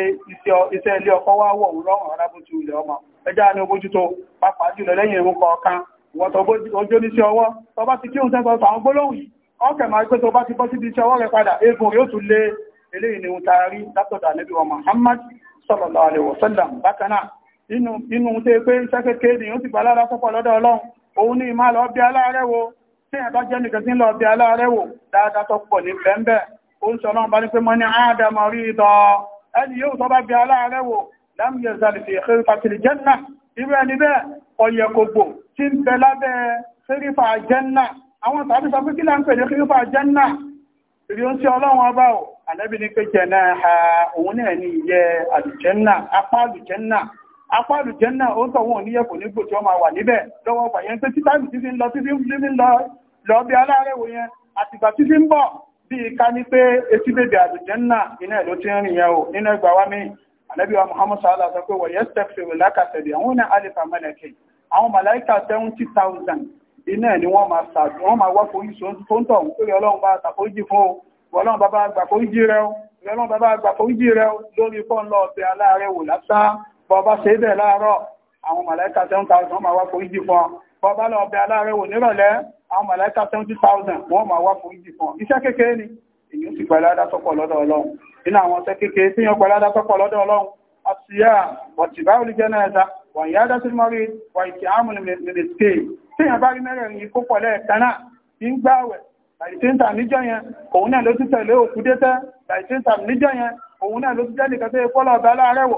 iṣẹ́ ilé ọkọ wá wọ̀ lọ́rùn arábùtù ilẹ̀ ọmọ ẹjá ni ogójútó pàápàá jùlọ lẹ́yìn ìrúkọ ọ̀kan wọ́n tọ́jọ́ ní sí ọwọ́ tọ́ bá ti kí oúnjẹ sọ àwọn gbólóhùn yìí ọkẹ̀ máa pé tó bá ti bọ́ síbi iṣẹ́ ọwọ́ rẹ padà eégún yóò tún lé eléyìí inú tẹ́ pé iṣẹ́ kékeré ni ó ti gbà lára púpọ̀ lọ́dọ̀ ọlọ́run òun ni ìmá lọ bí aláàrẹ wo tí ẹ̀ bá jẹ́ nìkan sí lọ bí aláàrẹ wo dáadáa tó pọ̀ ní bẹ́ẹ̀ ó ń sọ̀rọ̀ bá ní pé mọ́ ní àádámọ̀ rí ìtọ́ ẹni yóò tọ́ bá bí aláàrẹ wo lámìyẹ zàlìfì ìkẹrù pàtìlì jẹ́nà irú ẹni bẹ́ẹ̀ ọyẹ kògbò tí ń bẹ lábẹ́ kírífà jẹ́nà àwọn tàbí sọ pé kí là ń pè ní kírífà jẹ́nà ìrí ó ń sí ọlọ́run ọba ò àlẹ́bí apáàlù jẹ́ náà ó ń tọ̀wọ́n oníyẹ̀kùn nígbò tí wọ́n máa wà níbẹ̀ lọ́wọ́ ọgbà yẹn pé títàmì tí fi ń lọ tí fi ń lọ lọ bí alárẹ̀wò yẹn àtìgbà tí fi ń bọ̀ bí i ká ní pé etí bèbè àlùjẹ́ náà iná ẹ̀ ló ti rìn yẹn o nínú ẹgbà wa mi ànábì wa Muhammad sallah sọ pé wọ̀nyẹ́ stephen lákàtẹ̀lẹ̀ àwọn náà alifa mẹ́lẹ̀kì àwọn màláìka seventy thousand iná ẹ̀ ni wọ́n máa sàdù wọ́n máa wá forí tó ń tọ̀ ń pè ọlọ́run bá àtàkójì fún o ọlọ́run bàbá àgbà forí bọ́ọ̀bá ṣe bẹ̀ láàárọ̀ àwọn màláíkà 10,000 máa wá forí jì fún ọ bọ́ọ̀bá lọ bẹ aláàrẹ wò nírọ̀lẹ́ àwọn màláíkà 70,000 wọ́n máa wá forí jì fún ọ iṣẹ́ kékeré ni èyí sì pẹ̀lú adátọ́pọ̀ lọ́dọ̀ ọlọ́run nínú àwọn ọ̀sẹ̀ kékeré tí yàn pẹ̀lú adátọ́pọ̀ lọ́dọ̀ ọlọ́run àtìyà wọ̀tìbá olùjẹ́nàẹ̀ta wọ̀nyí adásímọ́rí wọ̀ìtì àmúlì mẹ́lẹ̀sìkè tí yàn bá rí mẹ́rẹ̀ẹ̀rin yìí kó níjọ yẹn òun náà ló ti tẹ̀lé òkú dé tẹ́ tàìsíntà níjọ yẹn òun náà ló ti jẹ́ nìkan tó yẹ kọ́lọ̀ ọ̀bẹ aláàrẹ̀wò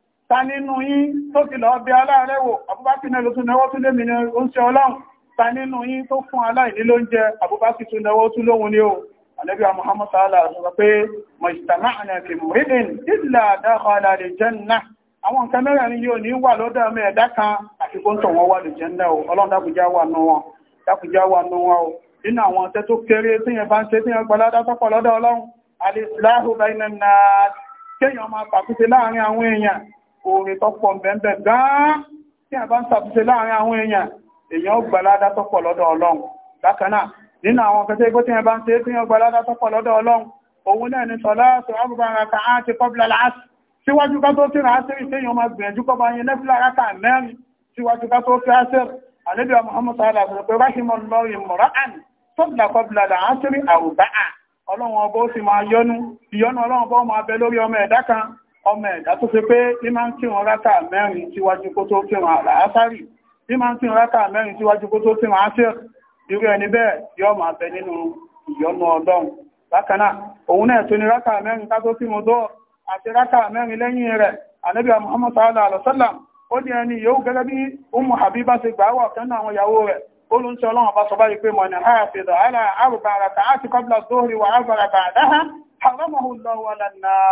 ta nínú yín tó ti lọ bí aláàrẹ̀wò àbúbákí náà ló tún náwó tún lé mi ní oúnjẹ ọlọ́run ta nínú yín tó fún aláìní lóúnjẹ àbúbákí tún náwó tún lóhun Muhammad sallallahu alaihi wasallam pé majtama'na fi muridin illa dakhala al-jannah àwọn nǹkan mẹ́rin yóò ní wà lọ́dọ̀ ọmọ ẹ̀dá kan àti kó ń tọ̀ wọ́n wà lè jẹ́ ńlẹ̀ o ọlọ́run dákùjá wà nù wọn dákùjá wà nù wọn o nínú àwọn ọ̀tẹ́ tó kéré tí yẹn bá ń ṣe kéèyàn máa pàkúté láàrin àwọn èèyàn orin tọ́pọ̀ bẹ̀ẹ̀bẹ̀ gan-an tí a bá ń sàtúnṣe láàrin àwọn èèyàn èèyàn ó gbalada tọ́pọ̀ lọ́dọ̀ ọlọ́run bákanáà nínú àwọn kẹta igbó tí a bá ń ṣe tí ó gbalada tọ́pọ̀ lọ́dọ̀ ọlọ́run òun náà ni sọ̀lá tó ábùbára ka á ti kọ́bla láàásì síwájú ká tó kíra ásírì tí èèyàn Muhammad sọ́lá sọ pé ráhìmọ̀ lọ́rin mọ̀rá àní tọ́bla kọ́bla láàásírì àrùbá ọlọ́run ọba ó sì máa yọnu ìyọnu ọlọ́run ọba ó máa ọmọ ẹ̀dá tó ṣe pé ma máa ń kírun rákà mẹ́rin síwájú kó tó kírun àlàásárì ní máa ń kírun rákà mẹ́rin síwájú kó tó kírun áṣẹ́ irú ẹni bẹ́ẹ̀ yọ máa bẹ nínú ìyọnu ọlọ́run bákan òun náà tó ní rákà mẹ́rin ká tó kírun dọ́ àti rákà mẹ́rin lẹ́yìn rẹ̀ ó ní ẹni yóò gẹ́gẹ́ bí ṣe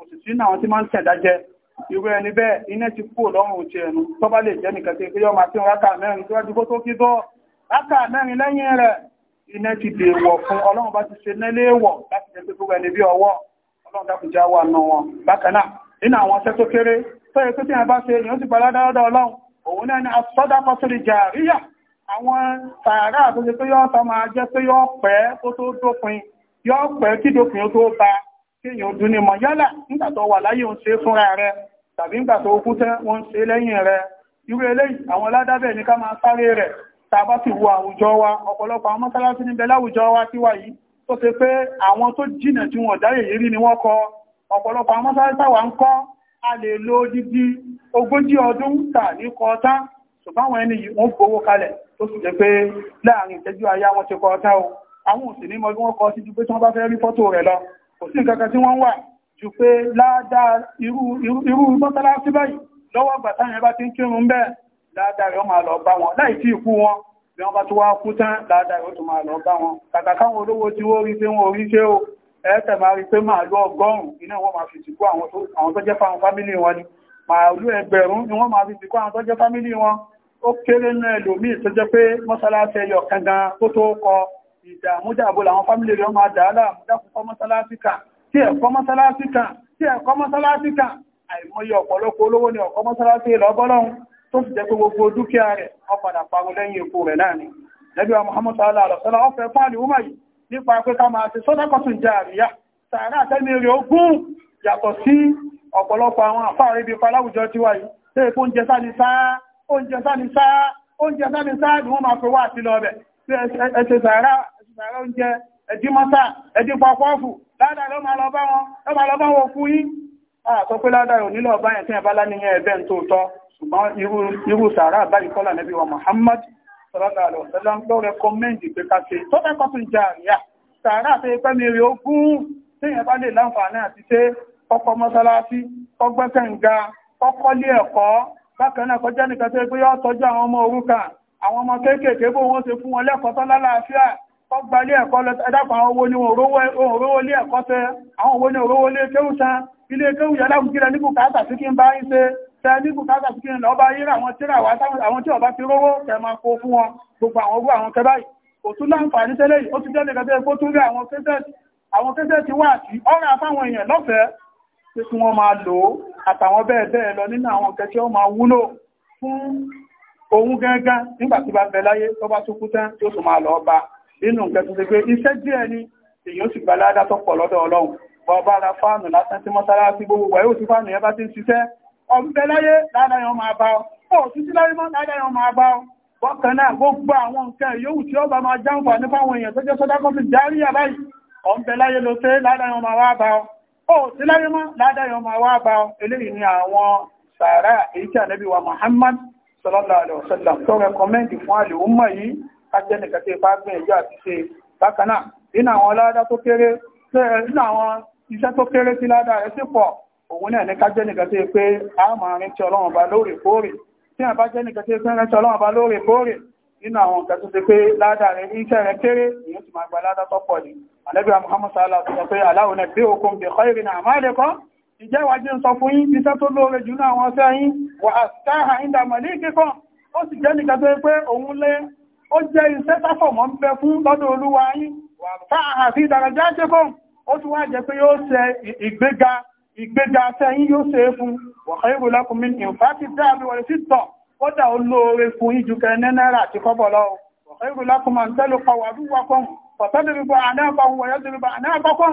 òsìsí náà wọn ti máa ń tẹ̀dá jẹ irú ẹni bẹ́ẹ̀ iná ti kú lọ́rùn ti ẹnu tó bá lè jẹ́ nìkan tí yọ́ máa tí aka rákà mẹ́rin bó tó kí lẹ́yìn rẹ̀ iná ti fún ọlọ́run bá ti ṣe níléèwọ̀ láti jẹ́ ẹni bí ọwọ́ ọlọ́run wà wọn bákan náà nínú àwọn tó kéré tó yẹ bá ṣe èèyàn ti dáadáa ọlọ́run òun náà ni asọ́dá kọsílì jàríyà àwọn tó ṣe kéèyàn dún ní mọ̀ yálà nígbà tó wà láyé ń ṣe fúnra rẹ tàbí nígbà tó kú tẹ́ wọ́n ń ṣe lẹ́yìn rẹ irú eléyìí àwọn ládàbẹ̀ ní ká máa sáré rẹ̀ tá a bá sì wo àwùjọ wa ọ̀pọ̀lọpọ̀ àwọn mọ́sálásí níbẹ̀ láwùjọ wa ti wà yìí tó ṣe pé àwọn tó jìnà tí wọ́n dáyè yìí ni wọ́n kọ ọ̀pọ̀lọpọ̀ àwọn mọ́sálásí táwa ń kọ́ a lè lo dídí ogójì ọdún tà ní kọta ṣùgbọ́n àwọn ẹni wọ́n gbowó kalẹ̀ tó sì jẹ́ pé láàrin ìtẹ́jú aya wọn ti kọta o àwọn òsì ní mọ bí wọ́n kọ sí ju pé tí wọ́n bá fẹ́ rí fọ́tò rẹ̀ lọ kò sí nǹkan kan tí wọ́n wà ju pé ládàá irú mọ́sálásí báyìí lọ́wọ́ ìgbà táwọn ẹbá ti ń kírun bẹ́ẹ̀ ládàá rẹ̀ máa lọ bá wọn láì tí ikú wọn bí wọ́n bá tó wá kú tán ládàá rẹ̀ tó máa lọ bá wọn kàkà káwọn olówó tí wọ́n rí o ẹ̀ẹ́tẹ̀ máa rí pé máa lọ ọgọ́rùn-ún iná wọn máa fi sìnkú àwọn tó jẹ́ fáwọn fámílì wọn ni màálù ẹgbẹ̀rún ni wọ́n máa fi sìnkú àwọn tó jẹ́ fámílì ìdàmúdàbò làwọn fámílì rẹ̀ máa dàálà dákùn kọmọ́sálásíkà tí ẹ̀kọ́ mọ́sálásíkà tí ẹ̀kọ́ mọ́sálásíkà àìmọye ọ̀pọ̀lọpọ̀ olówó ni ọ̀kọ́ mọ́sálásí lọ́bọ́lọ́run tó fi jẹ́ pé gbogbo dúkìá rẹ̀ ó padà parun lẹ́yìn ikú rẹ̀ láàrin lẹ́bíwá Muhammad sallallahu alaihi wasallam ọ̀fẹ́ fáàlì wúmà yìí nípa pé ká máa ti sọ́dọ́kọ̀tún jẹ́ àríyá sàárà tẹ́mi rẹ̀ ogún yàtọ̀ sí ọ̀pọ̀lọpọ̀ àwọn àfáàrí ibi faláwùjọ ti wà yìí tẹ́ ikú oúnjẹ sáni sáá oúnjẹ sáni sáá oúnjẹ sáni sáá ni wọ́n máa fi wá àti lọ bẹ̀ ẹsẹ̀ sàárà gbàrà oúnjẹ ẹ̀dí mọ́sà ẹ̀dí pọ̀pọ́ọ̀fù ládàá ló máa lọ bá wọn ló máa lọ bá wọn òkú yín àtọ́ pé ládàá ò nílò ọba yẹn tí ẹ̀bá láníyàn ẹ̀bẹ́ ń tó tọ́ ṣùgbọ́n irú sàárà báyìí kọ́là nẹ́bí wa Muhammad sallallahu alaihi wasallam ló rẹkọmẹ́ǹdì pé ká ṣe tó fẹ́ kọ́tù ìjà àríyá sàárà tó yẹ pẹ́mi rè ogún téèyàn bá lè láǹfààní àti ṣe kọ́kọ́ mọ́sálásí kọ́gbẹ́ kànga kọ́kọ́ lé ẹ̀kọ́ bákan náà kọjá nìkan tó yẹ pé yọ́ tọ́jú àwọn ọmọ òrukàn àwọn ọmọ kéékèèké bó wọ́n ṣe fún wọn lẹ́kọ̀ọ́ tán lálàáfíà ọgbà ilé ẹ̀kọ́ ẹ̀dàpà owó ní òrówó ilé ẹ̀kọ́ tẹ́ àwọn owó ní òrówó ilé kéwù tán ilé kéwù yẹ lágùnkílẹ̀ ní bùkátà sí kí ń bá ń ṣe tẹ ní bùkátà sí kí ń lọ́ọ́ bá yíra àwọn tíra wá táwọn tí ọba ti rówó tẹ máa kó fún wọn gbogbo àwọn owó àwọn kẹbáyì kò tún láǹfààní tẹ́lẹ̀ yìí ó ti jẹ́ nìkan tẹ́lẹ̀ kó tún rí àwọn kẹsẹ̀ ti wà sí ọ̀rọ̀ àfáwọn èèyàn lọ́fẹ̀ẹ́ pé kí wọ́n máa lò ó àtàwọn bẹ́ẹ̀ bẹ́ẹ̀ lọ nínú àwọn kẹsẹ̀ ó máa wúlò fún ohun gẹ́gẹ́ nígbàtí bá fẹ́ láyé tó bá tún kú tán tí ó tún máa lọ bá nínú nǹkan tó ṣe pé iṣẹ́ díẹ̀ ni èyàn sì gbà ládá tó pọ̀ lọ́dọ̀ ọlọ́run bọ́ bá ra fáànù lásán tí mọ́sálásí gbogbo wà yóò tí fáànù yẹn bá ti ń ṣiṣẹ́ ọ̀gbẹ́ láyé ládá yẹn máa bá ọ pọ̀ títí láyé mọ́ ládá yẹn máa bá ọ bọ́kàn náà gbogbo àwọn nǹkan yòówù tí ó bá máa jáǹfà ní fáwọn èèyàn tó jẹ́ sọ́dá kan fi darí yà báyìí ọ̀gbẹ́ láyé ló ṣe ládá yẹn máa wá bá ọ ó sí láyé mọ́ ládá yẹn máa wá bá ọ eléyìí ni àwọn sàárà èyí tí ànábì wa Muhammad sallallahu alaihi wasallam tó kájẹ́ nìkan tí ipá gbìyànjú àti ṣe bákan náà nínú àwọn ládá tó kéré nínú àwọn iṣẹ́ tó kéré sí ládá rẹ̀ sì pọ̀ òun náà ní kájẹ́ nìkan tí pé a máa rántí ọlọ́run ba lóòrèkóòrè tí a bá jẹ́ nìkan tí pé rántí ọlọ́run ba lóòrèkóòrè nínú àwọn nǹkan tó ti pé ládá rẹ̀ iṣẹ́ rẹ̀ kéré èyí sì máa gba ládá tó pọ̀ ní àlẹ́bí Muhammad sallá tó sọ pé aláwọ̀ náà bí okun ó jẹ́ iṣẹ́ táfọ̀mọ́ ń bẹ fún lọ́dọ̀ olúwa yín wà fáà sí ìdàrájá ṣe fún ó tún wá jẹ́ pé yóò ṣe ìgbéga ìgbéga sẹ́yìn yóò ṣe é fún wọ̀kọ̀ ìwò lọ́kùnmí ìfà ti dáàbí wọlé sí tọ̀ kódà ó lóore fún ìjù kẹrin náírà àti kọ́bọ̀ lọ wọ̀kọ̀ ìwò lọ́kùnmí tẹ́lù kọwà dúwà kan pọ̀tẹ́lùbọ̀ àdáàbọ̀ wọ̀yẹ́dùlùbọ̀ àdáàbọ̀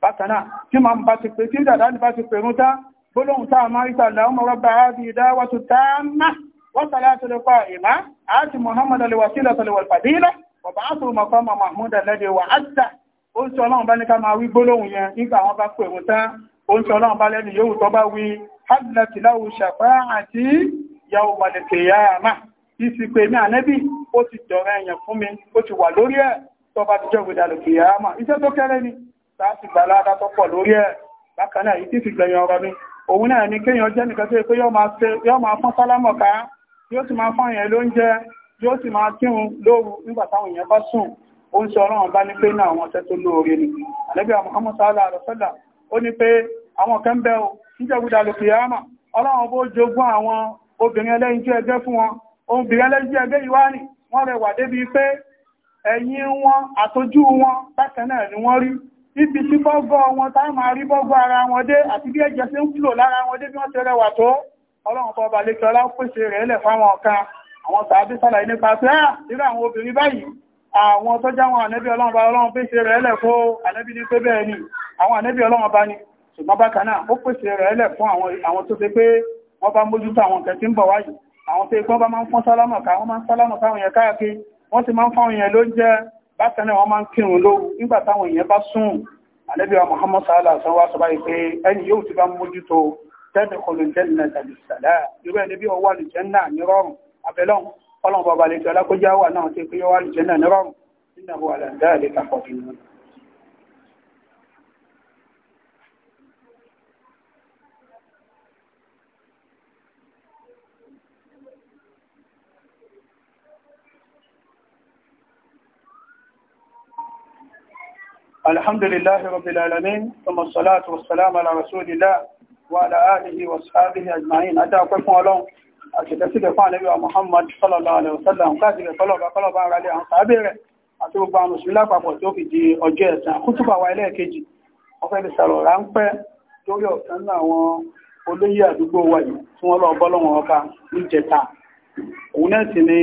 bákanáà tí ma ń bá ti pè tí dàdá ní bá ti pè rún tá gbólóhùn tá a máa rí sàlẹ̀ ọmọ rọ́bà ábí ìdáwọ́tú táàmà wọ́sàlẹ̀ àtúlẹ̀kọ́ ìmá àti muhammadu alwasila tọlẹwà fàdílẹ̀ ọba àtúrò mọ̀kọ́mọ̀ mahmud alẹ́dẹ̀ wà áta ó ń sọ ọlọ́run bá ní ká máa wí gbólóhùn yẹn nígbà wọn bá pè rún tán ó ń sọ ọlọ́run bá lẹ́nu yóò tọ́ bá wí hadnatiláwù ṣàfá àti yàwó wàlẹ̀kẹ̀yàmà ìsìnkú èmi ànẹ́bì ó ti jọ̀rọ̀ ẹ̀yàn fún mi ó ti wà lórí ẹ̀ tọ́ bá ti jọ́ ìgbèdàlùkẹ̀yàmà iṣẹ́ tó kéré ni láti gbà ládá tó pọ̀ lórí ẹ̀ bákan náà yìí tí fi gbẹ̀yìn ọ̀rọ̀ mi òun náà ni kéèyàn jẹ́ nìkan tó yẹ pé yóò máa fún sálámọ̀ ká yóò sì máa fún èèyàn lóúnjẹ yóò sì máa kírun lóru nígbà táwọn èèyàn bá sùn ó ń sọ ọlọ́run bá ní pé náà àwọn ọ̀sẹ̀ tó lóore ni àlẹ́bí Muhammad sallallahu alaihi wasallam ó àwọn kan bẹ́ wọ́n rẹwà débi pé ẹ̀yìn wọn àtojú wọn bákan ni wọ́n rí níbi tí bọ́gọ́ wọn táì máa rí bọ́gọ́ ara wọn dé àti bí ẹ̀jẹ̀ sí ń kúlò lára wọn dé bí wọ́n ṣe rẹwà tó ọlọ́run tó balẹ̀ kí ọlá pèsè rẹ̀ lẹ̀ fáwọn ọ̀ka àwọn tàbí sálàyé nípa pé à ah, nínú àwọn obìnrin báyìí àwọn tó já wọn ànẹ́bí ọlọ́run bá ọlọ́run pèsè rẹ̀ lẹ̀ ni àwọn ànẹ́bí ọlọ́run bá ní ṣùgbọ́n bákan náà ó pèsè rẹ̀ lẹ̀ fún àwọn tó ṣe bákan náà wọ́n máa ń kírun lóru nígbà èèyàn bá sùn ànábì wa Muhammad sallallahu alaihi wa sọ báyìí pé ẹni yóò ti bá mójútó tẹ́lẹ̀ kọlùjẹ́nà tàbí sàlá irú ẹni bí ọwọ́ àlùjẹ́nà ní rọrùn abẹ́lọ́n ọlọ́run bàbá lè fi alákójá الحمد لله رب العالمين ثم الصلاة والسلام على رسول الله وعلى آله وصحبه أجمعين أتاكم ولون أتتسك فعل نبي محمد صلى الله عليه وسلم كاتب طلب طلب على عن صابر أتوب عن مسلم لك وفتوك دي أجيس خطبة وإليه كجي وفي بسالة رانفة دوري أبتنا olóyè àdúgbò wa yìí tí wọ́n lọ bọ́lọ́wọ́n ọba níjẹta òun náà sì ni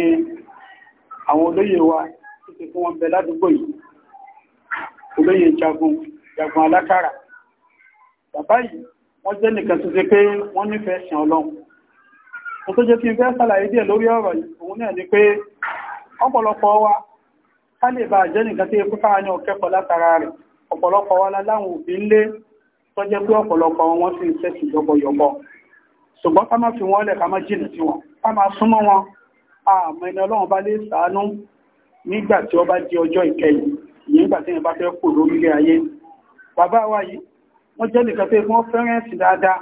àwọn olóyè wa títí fún wọn bẹ ládùúgbò yìí olóyè jagun jagun alákàrà bàbá yìí wọ́n jẹ́ nìkan tó ṣe pé wọ́n nífẹ̀ẹ́ ṣàn ọlọ́run mo tó jẹ́ kí n fẹ́ sàlàyé díẹ̀ lórí ọ̀rọ̀ yìí òun náà ni pé ọ̀pọ̀lọpọ̀ wa ká lè bá jẹ́ nìkan tí epo kára ní ọ̀kẹ́kọ̀ọ́ látara rẹ̀ ọ̀pọ̀lọpọ̀ wa láwọn òbí ń lé tó jẹ́ pé ọ̀pọ̀lọpọ̀ wọn sì ń sẹ́sì yọ̀bọ̀yọ̀bọ̀ ṣùgbọ́n ọlọ́run bá lè ṣàánú nígbà tí ó bá di ọjọ́ ìkẹyìn ìyẹngbà tí ìyẹnbá fẹ́ kò lórílẹ̀ ayé bàbá wa yìí wọ́n jẹ́ nìkan tí wọ́n fẹ́ràn sí dáadáa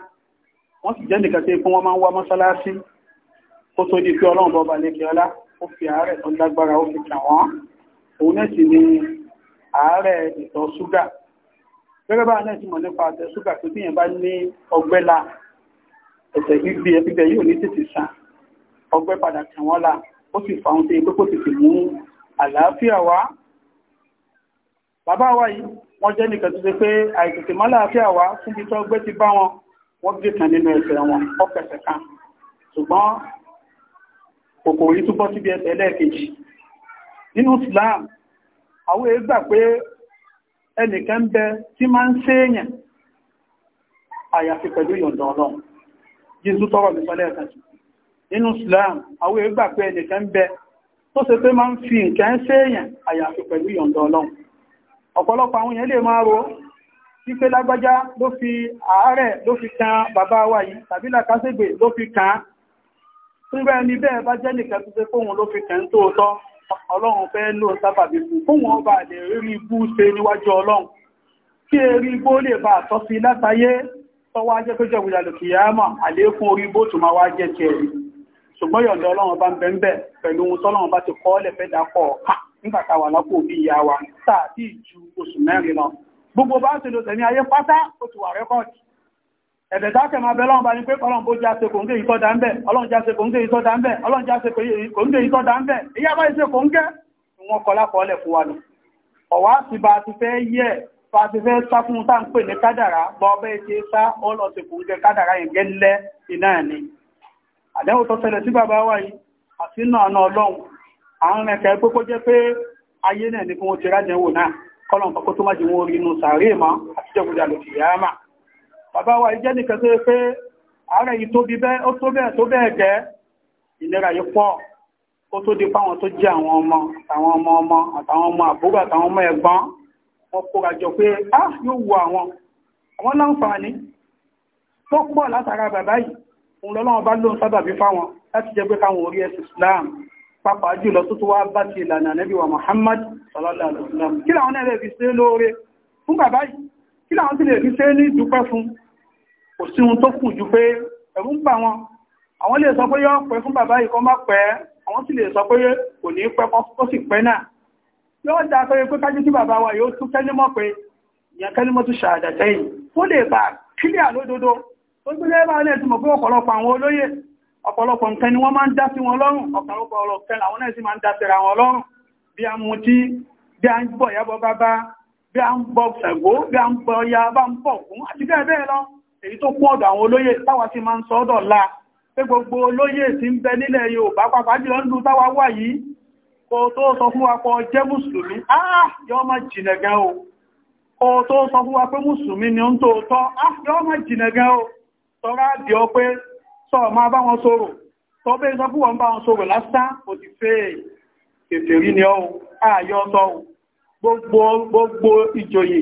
wọ́n sì jẹ́ nìkan tí wọ́n máa ń wá mọ́sálásí tó tó di pé ọlọ́run bọ́ba lè kíọ́lá ó fi àárẹ̀ tó lágbára ó fi kà wọ́n òun náà sì ni àárẹ̀ ìtọ̀ ṣúgà gẹ́gẹ́ bá náà ti mọ̀ nípa àtẹ la ẹ̀sẹ̀ gbígbé ẹgbẹ́ yóò ní tètè sàn padà kàn ó sì fa ohun tó yẹ pé kó mú àlàáfíà wá bàbá wa yìí wọ́n jẹ́ nìkan tó ṣe pé àìtètè mọ́láàfíà wá síbi tó gbé ti bá wọn wọ́n gbé kan nínú ẹsẹ̀ wọn ọ̀pẹ̀sẹ̀ kan ṣùgbọ́n kòkòrò yìí túbọ̀ síbi ẹsẹ̀ ẹlẹ́ẹ̀kejì nínú Islam àwọn èèyàn gbà pé ẹnìkan bẹ tí máa ń séèyàn àyàfi pẹ̀lú ìyọ̀ǹda Ọlọ́run Jésù tọrọ mi sọlẹ̀ ẹ̀kan nínú Islam àwọn èèyàn gbà pé ẹnìkan bẹ tó ṣe pé máa ń fi nǹkan séèyàn àyàfi pẹ̀lú ìyọ̀ǹda Ọlọ́run ọ̀pọ̀lọpọ̀ àwọn èèyàn lè máa ro wípé lágbájá ló fi àárẹ̀ ló fi kan bàbá wa yìí tàbí làkásẹ̀gbè ló fi kan án nígbà ẹni bẹ́ẹ̀ bá jẹ́ nìkan tó ṣe fóun ló fi kàn ń tóótọ́ ọlọ́run fẹ́ ló sábàbí fún fóun ọba lè rí ibú ṣe níwájú ọlọ́run kí erí igbó lè bá àtọ́ sí látayé tọ́wọ́ ajẹ́ pé jẹ́ ìwòyàlò kì yá mà àlékún orí igbó tó máa wá jẹ́ tiẹ̀ ṣùgbọ́n yọ̀ǹda ọlọ́run bá ń bẹ́ńbẹ́ pẹ̀lú ohun tọ́lọ́run bá ti kọ́ ọ́lẹ̀ dákọ̀ ọ̀ká nígbàtà wà lápò bí ìyá wa tàbí ju oṣù mẹ́rin lọ gbogbo bá ti lò tẹ̀mí ayé pátá ó ti wà rẹ́kọ́ọ̀dì ẹ̀bẹ̀ tákẹ̀ máa bẹ́lọ́n bá ní pé ọlọ́nbó jáse kòǹgé ìtọ́dá ń bẹ̀ ọlọ́n jáse kòǹgé ìtọ́dá ń bẹ̀ ọlọ́n jáse kòǹgé ìtọ́dá ń bẹ̀ ìyá bá ìṣe kòǹgé wọn kọ lápọ̀ọ́lẹ̀ fún wa lọ ọ̀wá sí bá ti fẹ́ yẹ bá ti fẹ́ sá fún tá ń pè ní kádàrá bọ́ ọbẹ̀ ti sá ọlọ́ ti kòǹgé kádàrá yẹn gẹ́lẹ́ iná ni àdẹ́wò tó ṣẹlẹ̀ sí bàbá wa yìí àti náà náà ọlọ́run àwọn ẹ̀kẹ́ pé kó jẹ́ pé ayé náà ní kí wọ́n ti rájẹ̀ wò náà kọ́lọ̀ pàkó tó máa jẹ wọ́n rí inú sàárè mọ́ àti jẹ́gbùjà lòdì yáàmà bàbá wa ìjẹ́ nìkan tó pé ààrẹ yìí tó bẹ́ẹ̀ jẹ́ ìlera yìí pọ̀ di fáwọn tó jẹ́ àwọn ọmọ àtàwọn ọmọ ọmọ àtàwọn ọmọ àbúrò àtàwọn ọmọ ẹ̀gbọ́n wọn kóra jọ pé á yóò wo àwọn àwọn láǹfààní tó pọ̀ látara bàbá yìí òun lọ́lọ́wọ́n bá lóun sábàbí fáwọn láti jẹ́ pé káwọn orí ẹ̀sìn Islam pàpà jùlọ tó tó wá bá ti ìlànà Ànábì Muhammad sallallahu alaihi wasallam kí làwọn náà lè fi ṣe lóore fún bàbá yìí kí làwọn sì lè fi ṣe ní ìdúpẹ́ fún kò sí ohun tó kù ju pé ẹ̀rù ń bà wọn àwọn lè sọ pé yọ́ pẹ́ fún bàbá yìí kọ́ má pẹ́ àwọn sì lè sọ pé kò ní pẹ́ kọ́ sì pẹ́ náà yóò dá pé pé kájú tí bàbá wa yóò tún kẹ́lí mọ́ pé ìyẹn kẹ́lí mọ́ tún ṣàdàtẹ́yìn kílíà lódodo ó gbé lẹ́bàá lẹ́ẹ̀tì mọ̀ ọ̀pọ̀lọpọ̀ àwọn olóyè ọ̀pọ̀lọpọ̀ nǹkan ni wọ́n máa ń dá sí wọn lọ́rùn ọ̀pọ̀lọpọ̀ ọ̀rọ̀ kan làwọn náà sì máa ń dá síra wọn lọ́rùn bí a mú tí bí a ń bọ̀ yábọ̀ bàbá bí a ń bọ̀ ṣàgbó bí a ń bọ̀ ya bá ń bọ̀ fún àti bẹ́ẹ̀ bẹ́ẹ̀ lọ èyí tó kún ọ̀dọ̀ àwọn olóyè táwa ti máa ń sọ ọ́dọ̀ la pé gbogbo olóyè tí ń bẹ nílẹ̀ Yorùbá pàpà jùlọ ń lu táwa wà yìí kò tó sọ fún wa pé jẹ́ mùsùlùmí ah yọ́ máa jìnà gan o kò tó sọ fún wa pé mùsùlùmí ni ó ń tòótọ́ ah yọ́ máa jìnà gan o tọ́ra bí pé sọ ma bá wọn sọ̀rọ̀ tó bẹ́ sọ fún wọn bá wọn sọ̀rọ̀ lásán ó ti fẹ́ kèfèrí ni ọun ààyọ́ sọ́un gbogbo ìjòyè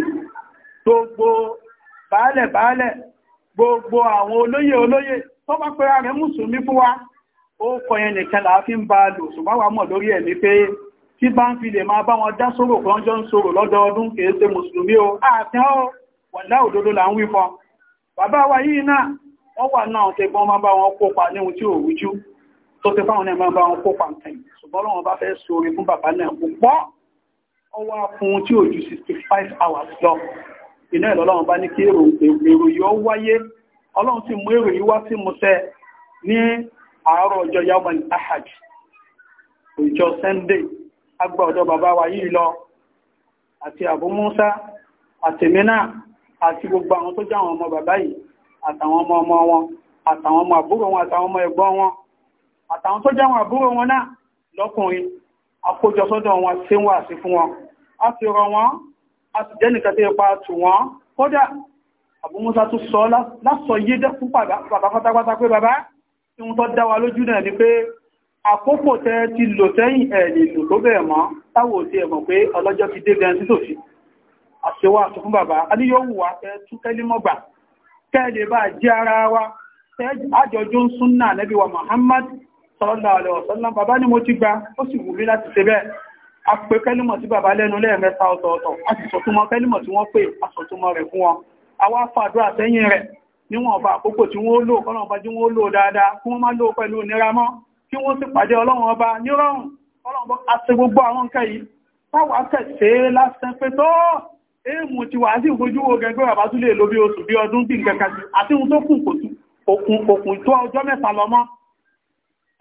gbogbo baálẹ̀ baálẹ̀ gbogbo àwọn olóyè olóyè tó bá pẹ́ra rẹ̀ mùsùlùmí fún wa ó kọyẹn nìkan láàfin bá lò ṣùgbọ́n wà mọ̀ lórí ẹ̀mí pé tí bá ń fi lè máa bá wọn dá sọ̀rọ̀ kan jọ ń sọ̀rọ̀ lọ́dọọdún kìí ṣe mùsùlùmí o ààfin ọ́ wọ̀lá òdodo là ń wí fún bàbá wa yìí náà wọ́n wà náà tẹ́ gbọ́n máa bá wọn kópa ní ohun tí ò rújú tó tẹ́ fáwọn náà máa bá wọn kópa nǹkan ṣùgbọ́n lọ́wọ́n bá fẹ́ sóre fún bàbá náà púpọ̀ ó wá fún ohun tí ò ju 65 hours lọ iná ìlọ́lọ́wọ́n bá ní kí èrò yọ wáyé ọlọ́run ti mú èrò yìí wá sí musẹ́ ní àárọ̀ ọjọ́ yawman ahad ìjọ sunday agbà ọ̀dọ̀ bàbá wa yìí lọ àti àbúmúsá àtẹ̀mínà àti gbogbo àwọn tó jáwọn ọmọ bàbá yìí àtàwọn ọmọ ọmọ wọn àtàwọn ọmọ àbúrò wọn àtàwọn ọmọ ẹ̀gbọ́n wọn àtàwọn tó jẹ́ wọn àbúrò wọn náà lọ́kùnrin àkójọ sọ́dọ̀ wọn tí wọ́n àti fún wọn a ti rọ wọn a ti jẹ́ nìkan tí ipa tù wọn kódà àbúmúsá tún sọ lásọ yé dẹ́kun bàbá pátápátá pé bàbá ihun tó dá wa lójú náà ni pé àkókò tẹ ti lò sẹ́yìn ẹ̀lì ìlú tó bẹ̀rẹ̀ mọ́ táwò sí ẹ̀mọ̀ pé ọlọ́jọ́ ti dé gan sí tòsí àṣewà àti fún bàbá a ní yóò wù wá tẹ túkẹ́límọ́gbà kẹ́lẹ̀ bá jẹ́ ara wa àjọjọ́ ń súnnà Ànábì wa Muhammad sallallahu alaihi wasallam bàbá ni mo ti gba ó sì wù mí láti ṣe bẹ́ẹ̀ a pè kẹ́lìmọ̀ tí bàbá lẹ́nu lẹ́ẹ̀mẹ́ta ọ̀tọ̀ọ̀tọ̀ a sì sọ̀túnmọ́ kẹ́lìmọ̀ tí wọ́n pè àsọ̀túnmọ́ rẹ̀ fún wọn a wá fàdúrà sẹ́yìn rẹ̀ níwọ̀n bá àkókò tí wọ́n lò kọ́nà ọba jí wọ́n lò dáadáa kí èèmù ti wà sí ìfojú ogẹgbẹ́ bàbá tún lè lo bí oṣù bí ọdún bí nǹkan kàtí àti ohun tó kùn òkun òkun tó ọjọ́ mẹ́ta lọ́mọ́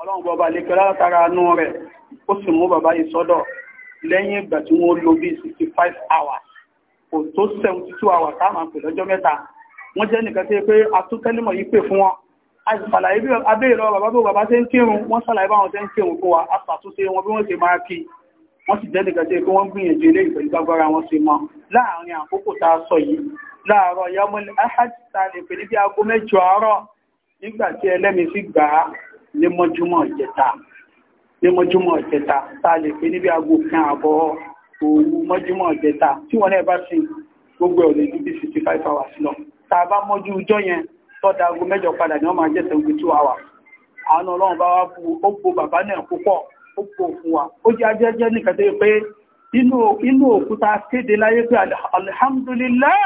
ọlọ́run bọba lè kẹ́ látara anú rẹ̀ ó sì mú bàbá yìí sọ́dọ̀ lẹ́yìn ìgbà tí wọ́n lo bí 65 hours kò tó 72 hours táwọn pè lọ́jọ́ mẹ́ta wọ́n jẹ́ nìkan tí pé atútẹ́lìmọ̀ yìí pè fún wọn àìsàlàyé bí abẹ́ ìlọ bàbá bí bàbá ṣe ń kírun wọ́n sàlàyé báwọn ṣe ń kírun fún wa àtàtúnṣe wọn bí wọ́n ṣe máa kí wọ́n sì jẹ́nìkan tí wọ́n gbìyànjú ilé ìpẹ̀lú gbágbára wọn sí mọ́ láàrin àkókò tá a sọ yìí láàárọ̀ yamul ahad ta lè pè ní bí aago mẹ́jọ àárọ̀ nígbà tí ẹlẹ́mi sì gbà á ní mọ́júmọ́ ìjẹta ní mọ́júmọ́ ìjẹta ta lè pè ní bí aago kan àbọ̀ òru mọ́júmọ́ ìjẹta tí wọ́n náà bá sì gbogbo ẹ̀ lè ju bí hours lọ tá a bá mọ́jú ọjọ́ yẹn tọ́da ni wọ́n máa jẹ́ seventy two hours àwọn ọlọ́run bá wá bu ó ó pọ̀ fún wa ó jẹ́ ajẹ́jẹ́ nìkan tó yẹ pé inú òkúta kéde láyé pé alhamdulillah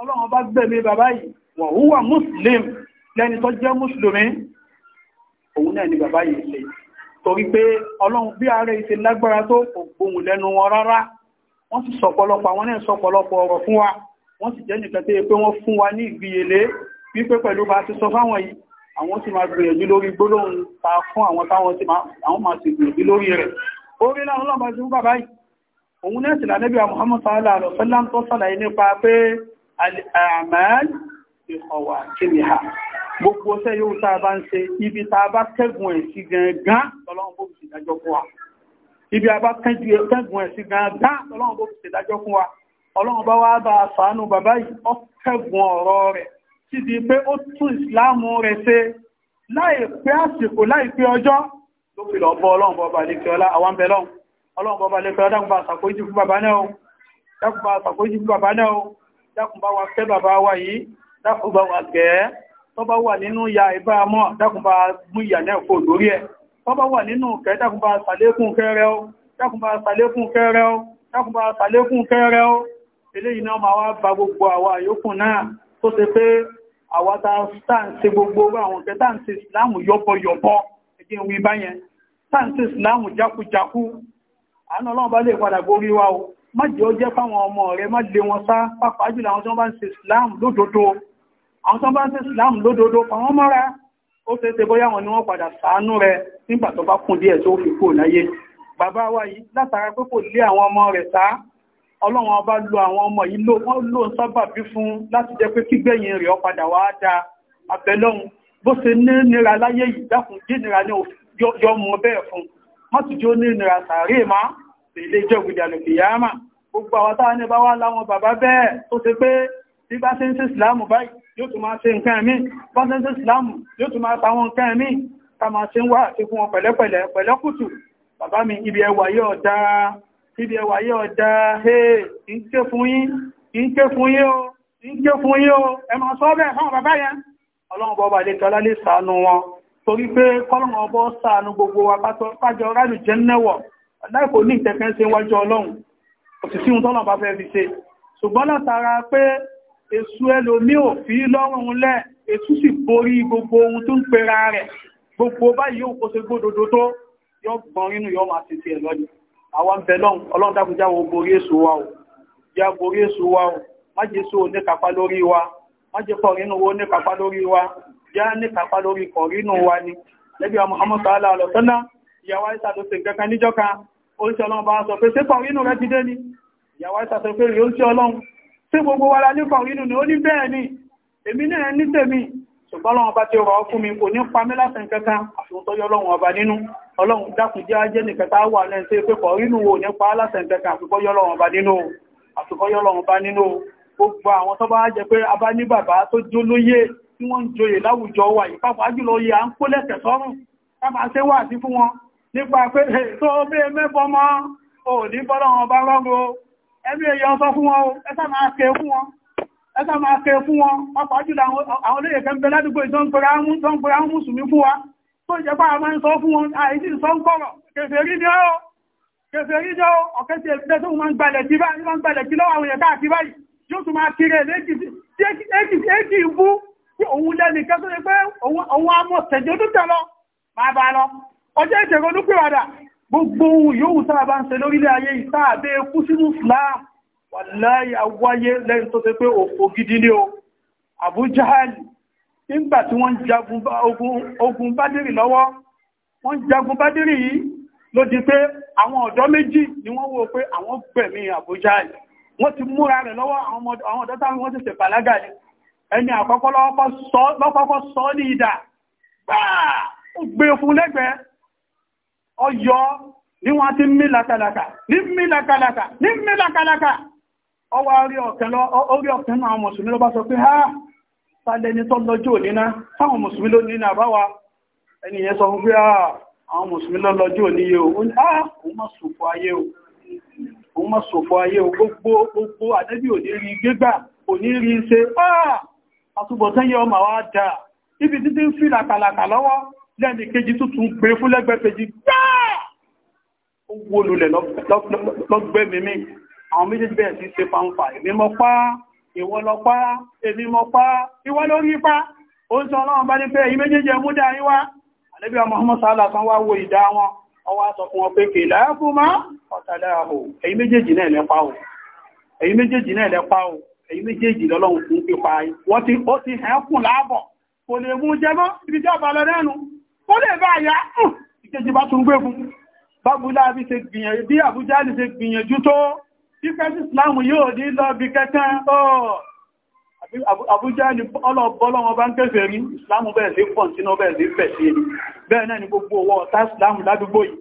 ọlọ́run bá gbẹ̀mí bàbá yìí wa huwa muslim lẹ́ni tó jẹ́ mùsùlùmí òun náà ni bàbá yìí ṣe torí pé ọlọ́run bí ààrẹ ìṣe lágbára tó ògbóhùn lẹ́nu wọn rárá wọ́n sì sọ̀pọ̀lọpọ̀ àwọn náà sọ̀pọ̀lọpọ̀ ọ̀rọ̀ fún wa wọ́n sì jẹ́ nìkan tó yẹ pé wọ́n fún wa ní ìgbìyèlé wípé pẹ̀lú bá ti sọ fáwọn yìí àwọn sì máa gbìyànjú lórí gbólóhùn ta fún àwọn táwọn sì máa sì gbìyànjú lórí rẹ̀ orí láwọn lọ́mọ sí bàbá yìí òun náà sì lànẹ́bí wa Muhammad sallallahu alaihi wasallam tó sàlàyé nípa pé al-a'mal bi khawatimiha gbogbo ṣẹ́ yóò tá a bá ń ṣe ibi tá a bá kẹ́gùn ẹ̀ sí gangan yìí ó kẹ́gùn ọ̀rọ̀ rẹ̀ ti di pé ó tún ìsìláàmù rẹ̀ ṣe láìpẹ́ àsìkò láìpẹ́ ọjọ́ ló fi lọ bọ́ ọlọ́run bọ́ba lẹ́kẹ́ọ́lá àwọn bẹ̀lọ́n ọlọ́run bọ́ba lẹ́kẹ́ọ́lá dákùnbà àsàkójì fún bàbá náà dákùnbà àsàkójì fún bàbá náà dákùnbà wa fẹ́ bàbá wa yìí dákùnbà wa gẹ̀ẹ́ tó bá wà nínú ya ìbá mọ́ dákùnbà mú ìyà náà kò lórí ẹ̀ tó bá wà nínú kẹ́ dákùnbà sàlékún kẹ́rẹ́ ó dákùnbà sàlékún kẹ́rẹ́ ó dákùnbà sàlékún kẹ́rẹ́ ó eléyìí náà máa wá ba gbogbo àwa àyókù náà tó ṣe pé àwátá táǹsí gbogbo àwọn ọ̀tẹ́ táǹsí Islam yọ́bọ̀yọ̀bọ̀ ẹgbẹ́ ìwé báyẹn táǹsí ìsìláàmù jákújákú àánà ọlọ́run bá lè padà gorí wa o má jẹ́ ó jẹ́ fáwọn ọmọ rẹ má lé wọn sá pàápàá jùlọ àwọn tó bá ń ṣe ìsìláàmù lódodo àwọn tó bá ń ṣe ìsìláàmù lódodo fàwọn mọ́ra ó ṣe ṣe bóyá wọn ni wọ́n padà ṣàánú rẹ nígbà tó bá kún díẹ̀ tó fi kò láyé bàbá wa yìí látara pé kò ọlọ́run ọba lo àwọn ọmọ yìí ló wọ́n lò ń sábà bí fún láti jẹ́ pé kígbẹ̀yìn rẹ̀ ọ padà wá da àbẹ̀lọ́run bó ṣe ní nira láyé yìí dákun dé nira ní yọ mọ bẹ́ẹ̀ fún má sì jó ní nira sàárè má ilé ìjọ ìgbìdànù kìyàmà gbogbo àwọn táwọn ní bá wá láwọn bàbá bẹ́ẹ̀ tó ṣe pé bí bá ṣe ń ṣe ìsìláàmù báyìí yóò tún máa ṣe nǹkan ẹ̀mí bá ṣe ń bàbá mi ibi ẹwà yóò dáa síbi ẹwà yẹ́ ọ̀dá ń ké fún yín ń ké fún yín o ń ké fún yín o ẹ máa sọ bẹ́ẹ̀ fún bàbá yẹn ọlọ́run bọ́ba lè tọ́lá lè sàánú wọn torí pé kọ́lọ́run ọbọ̀ sàánú gbogbo wa pàjọ rádù jẹ́ nẹ́wọ̀ láìkò ní ìtẹ̀kẹ́ sí wájú ọlọ́run òsìsí ohun tọ́lọ̀ bá fẹ́ fi ṣe ṣùgbọ́n látara pé èṣù ẹlòmí ò fi lọ́rùn lẹ̀ èṣù sì borí gbogbo ohun tó ń pera rẹ̀ gbogbo báyìí yóò kó ṣe gbódodo tó yọ gbọ́n nínú yọ máa ṣe ti ẹ̀ lọ́dún àwọn bẹ̀lọ́n ọlọ́run dákun jáwọ́ borí èṣù wa o já borí èṣù wa o májè só ní kápá lórí wa májè kọ̀rínú wo ní kápá lórí wa já ní kápá lórí kọ̀rínú wa ni lẹ́bí wa Muhammad sallá alọ́sọ́nà ìyàwó àìsà tó ṣe nǹkan kan níjọ́ kan oríṣi ọlọ́run bá sọ pé ṣé kọ̀rínú rẹ ti dé ọlọ́run dákùn jẹ́ ajé nìkan tá wà náà tí pé kọ̀rínú wo nípa alásẹ̀ntẹ́kà àfikọ́yọ́lọ́run bá nínú gbogbo àwọn tó bá jẹ pé a bá ní bàbá tó jó lóyè tí wọ́n ń joyè láwùjọ wà yìí pàpàá jùlọ yìí à ń kó lẹ́sẹ̀ sọ́rùn pàpà ṣe wà sí fún wọn nípa o ẹsà máa ké fún wọn pàpàá jùlọ àwọn olóyè kẹ́ tó ìjẹpá a máa ń sọ fún wọn àìsí sọ ń kọ̀rọ̀ kèfèrí ni ó kèfèrí ni ó ọ̀kẹ́ ti ẹ̀gbẹ́ tó máa ń gbalẹ̀ sí báyìí máa ń gbalẹ̀ sí lọ́wọ́ àwọn èèyàn káàkiri báyìí yóò tún máa kiri ẹ̀ léjì ìbú tí òun lẹ́nu ìkẹ́ tó lè pé òun amọ̀ tẹ̀jọ́ tó tẹ̀ lọ máa bá lọ ọjọ́ ìṣẹ̀rọ olúpìwàdà gbogbo ohun yóò sáà bá ń ṣe lórílẹ̀ ayé ìsáàbẹ̀ kú sínú Islam wà láyé awáyé lẹ́yìn tó tẹ́ pé òfò gidi ní o Abu Jahali nígbà tí wọ́n jagun ogun bádìrì lọ́wọ́ wọ́n jagun bádìrì yìí ló di pé àwọn ọ̀dọ́ méjì ni wọ́n wò pé àwọn gbẹ̀mí àbújá yìí wọ́n ti múra rẹ̀ lọ́wọ́ àwọn ọ̀dọ́ táwọn wọ́n ti ṣe bàlágà ni ẹni àkọ́kọ́ lọ́kọ́kọ́ sọ ní ìdà gbáà ó gbé e fún lẹ́gbẹ̀ẹ́ ọyọ́ ní wọ́n ti mí lakalaka ní mí lakalaka ní mí lakalaka ọwọ́ orí ọ̀kẹ́ náà mùsùlùmí ló bá sọ pé ha tàlẹni tó lọ́jọ́ òníná sáwọn mùsùlùmí ló níná báwa ẹni yẹn sọ fún pé ah, àwọn mùsùlùmí ló lọ́jọ́ òní yóò ó ní àwọn ah, má ṣòfò ayé o òun má ṣòfò ayé o gbogbo gbogbo àdẹ́bí òní rí gbégbà òní rí ṣe ah, àtúbọ̀tán yẹ ọmọ wa dà ibi títí ń fi làkàlàkà lọ́wọ́ lẹ́ni kejì tuntun gbé fún lẹ́gbẹ́ kejì gbáà ó wó lulẹ̀ lọ́gbẹ́ mímí àwọn méjèèjì bẹ́ẹ̀ sí ṣe fanfà ìmímọ́ pàá ìwọ lọ pa èmi mọ pa ìwọ lórí pa ó ń sọ ọlọ́run bá ní pé èyí méjèèjì ẹmú dá yín wá ànábì Muhammad sàálà kan wá wo ìdá wọn ọwá sọ fún wọn pé kè láàfún má ọ̀tàlá o èyí méjèèjì náà lẹ́pa o èyí méjèèjì náà lẹ́pa o èyí méjèèjì lọ́lọ́run fún pípa wọ́n ti ó ti hẹ́ kùn láàbọ̀ kò lè mú jẹmọ́ ibi tí ọba lọ lẹ́nu ó lè bá àyà ìkejì bá tún gbé fún bábúlá bí àbújá lè ṣe gbìyànjú tó Ìfẹ́ sí Ìsìláàmù yóò ní lọ bí kẹta ọ̀. Àbújá ni ọlọ́ọ̀bọ́lọ́wọ́ bá ń kẹfẹ́ rí, Ìsìláàmù bẹ̀rẹ̀ lé pọ̀ sínú bẹ̀rẹ̀ lé fẹ̀ sí ẹni. Bẹ́ẹ̀ náà ni gbogbo ọwọ́ ọ̀tá Ìsìláàmù ládúgbò yìí.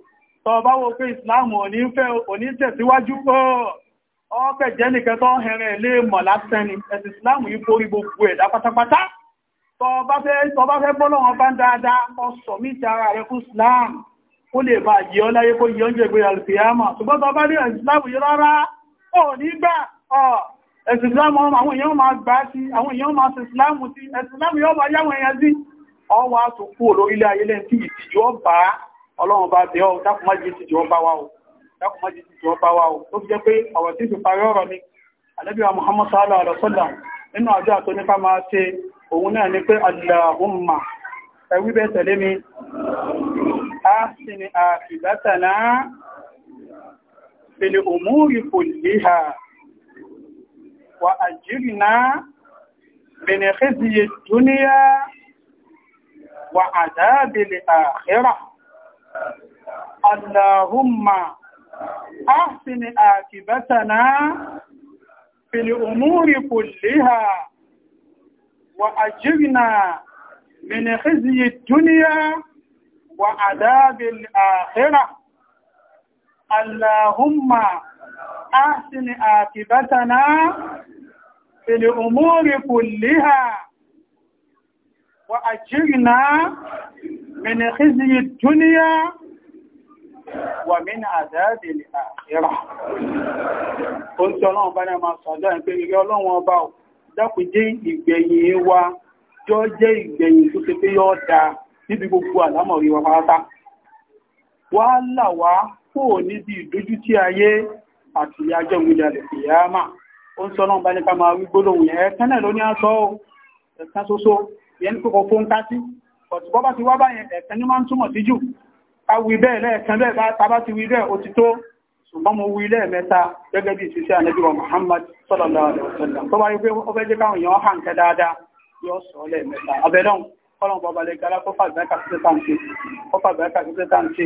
Tọ́ bá wo pé Ìsìláàmù ò ní fẹ́ ò ní tẹ̀síwájú pọ̀. Ọ́pẹ̀ jẹ́ nìkan tó hẹrẹ̀ lé mọ̀ lásán ni, ẹ̀sìn Ìsìláàmù yìí forí gbogbo ẹ̀dá pátápátá. Tọ́ bá fẹ́ bọ́lọ́wọ́ bá ń dáadáa, ọ̀sọ̀ mí ti ara rẹ̀ fún Ìsìláàmù. Ó lè bá yí ọ láyé kó yí ọ́njẹ́ ìgbéyàwó ọ̀ nígbà ẹ̀sìn islam àwọn èèyàn máa gbà sí àwọn èèyàn máa sí islam sí ẹ̀sìn islam yóò bá yáwọn èèyàn sí ọwọ́ tó kú olórílẹ̀ ayé lẹ́yìn tí ìtìjú ọba ọlọ́run bá bẹ̀ ọ́ dákùnmájì ìtìjú ọba wa o dákùnmájì ìtìjú ọba wa o tó fi jẹ́ pé ọ̀rọ̀ tí ìfi parí ọ̀rọ̀ ni alẹ́bíwa muhammad sallallahu alaihi wasallam nínú àjọ àtọ́ nípa máa ṣe òun náà ni pé allahumma ẹwí bẹ́ẹ̀ tẹ̀lé mi a sì ni àfìbátà náà في الأمور كلها وأجرنا من خزي الدنيا وعذاب الآخرة اللهم أحسن آكبتنا في الأمور كلها وأجرنا من خزي الدنيا وعذاب الآخرة اللهم أحسن عاقبتنا في الأمور كلها وأجرنا من خزي الدنيا ومن عذاب الآخرة قلت الله بنا ما صدق pé Ọlọ́run ọba ò dákun jẹ́ ìgbẹ̀yìn wa jọ jẹ́ ìgbẹ̀yìn tó ṣe pé yọ́ da níbi gbogbo àlámọ̀rí wa pátá wá là wá kúrò níbi ìdójútì ayé àti ìyájọ́ ìgbìdàlẹ̀ ìyáàmà ó ń sọ náà bá nípa máa wí gbólóhùn ẹ̀ẹ̀kan náà ló ní aṣọ ẹ̀ẹ̀kan ṣoṣo yẹn kókò fún kásí ọ̀tí bọ́bá ti wá báyẹn ẹ̀ẹ̀kan ní máa ń túmọ̀ sí jù ká wí bẹ́ẹ̀ lẹ́ẹ̀kan bẹ́ẹ̀ bá tabá ti wí bẹ́ẹ̀ ó ti tó ṣùgbọ́n mo wí lẹ́ẹ̀mẹ́ta gẹ́gẹ́ bí ìṣiṣẹ́ ànábì wa Muhammad sallallahu alaihi wasallam tó bá rí pé ó fẹ́ jẹ́ káwọn èèyàn hàn kẹ́ dáadáa yóò sọ lẹ́ẹ̀mẹ́ta abẹ́dọ̀n kọ́lọ̀ bọ́balẹ̀ gara kó fàgbẹ́ kàṣẹ́ tàǹtì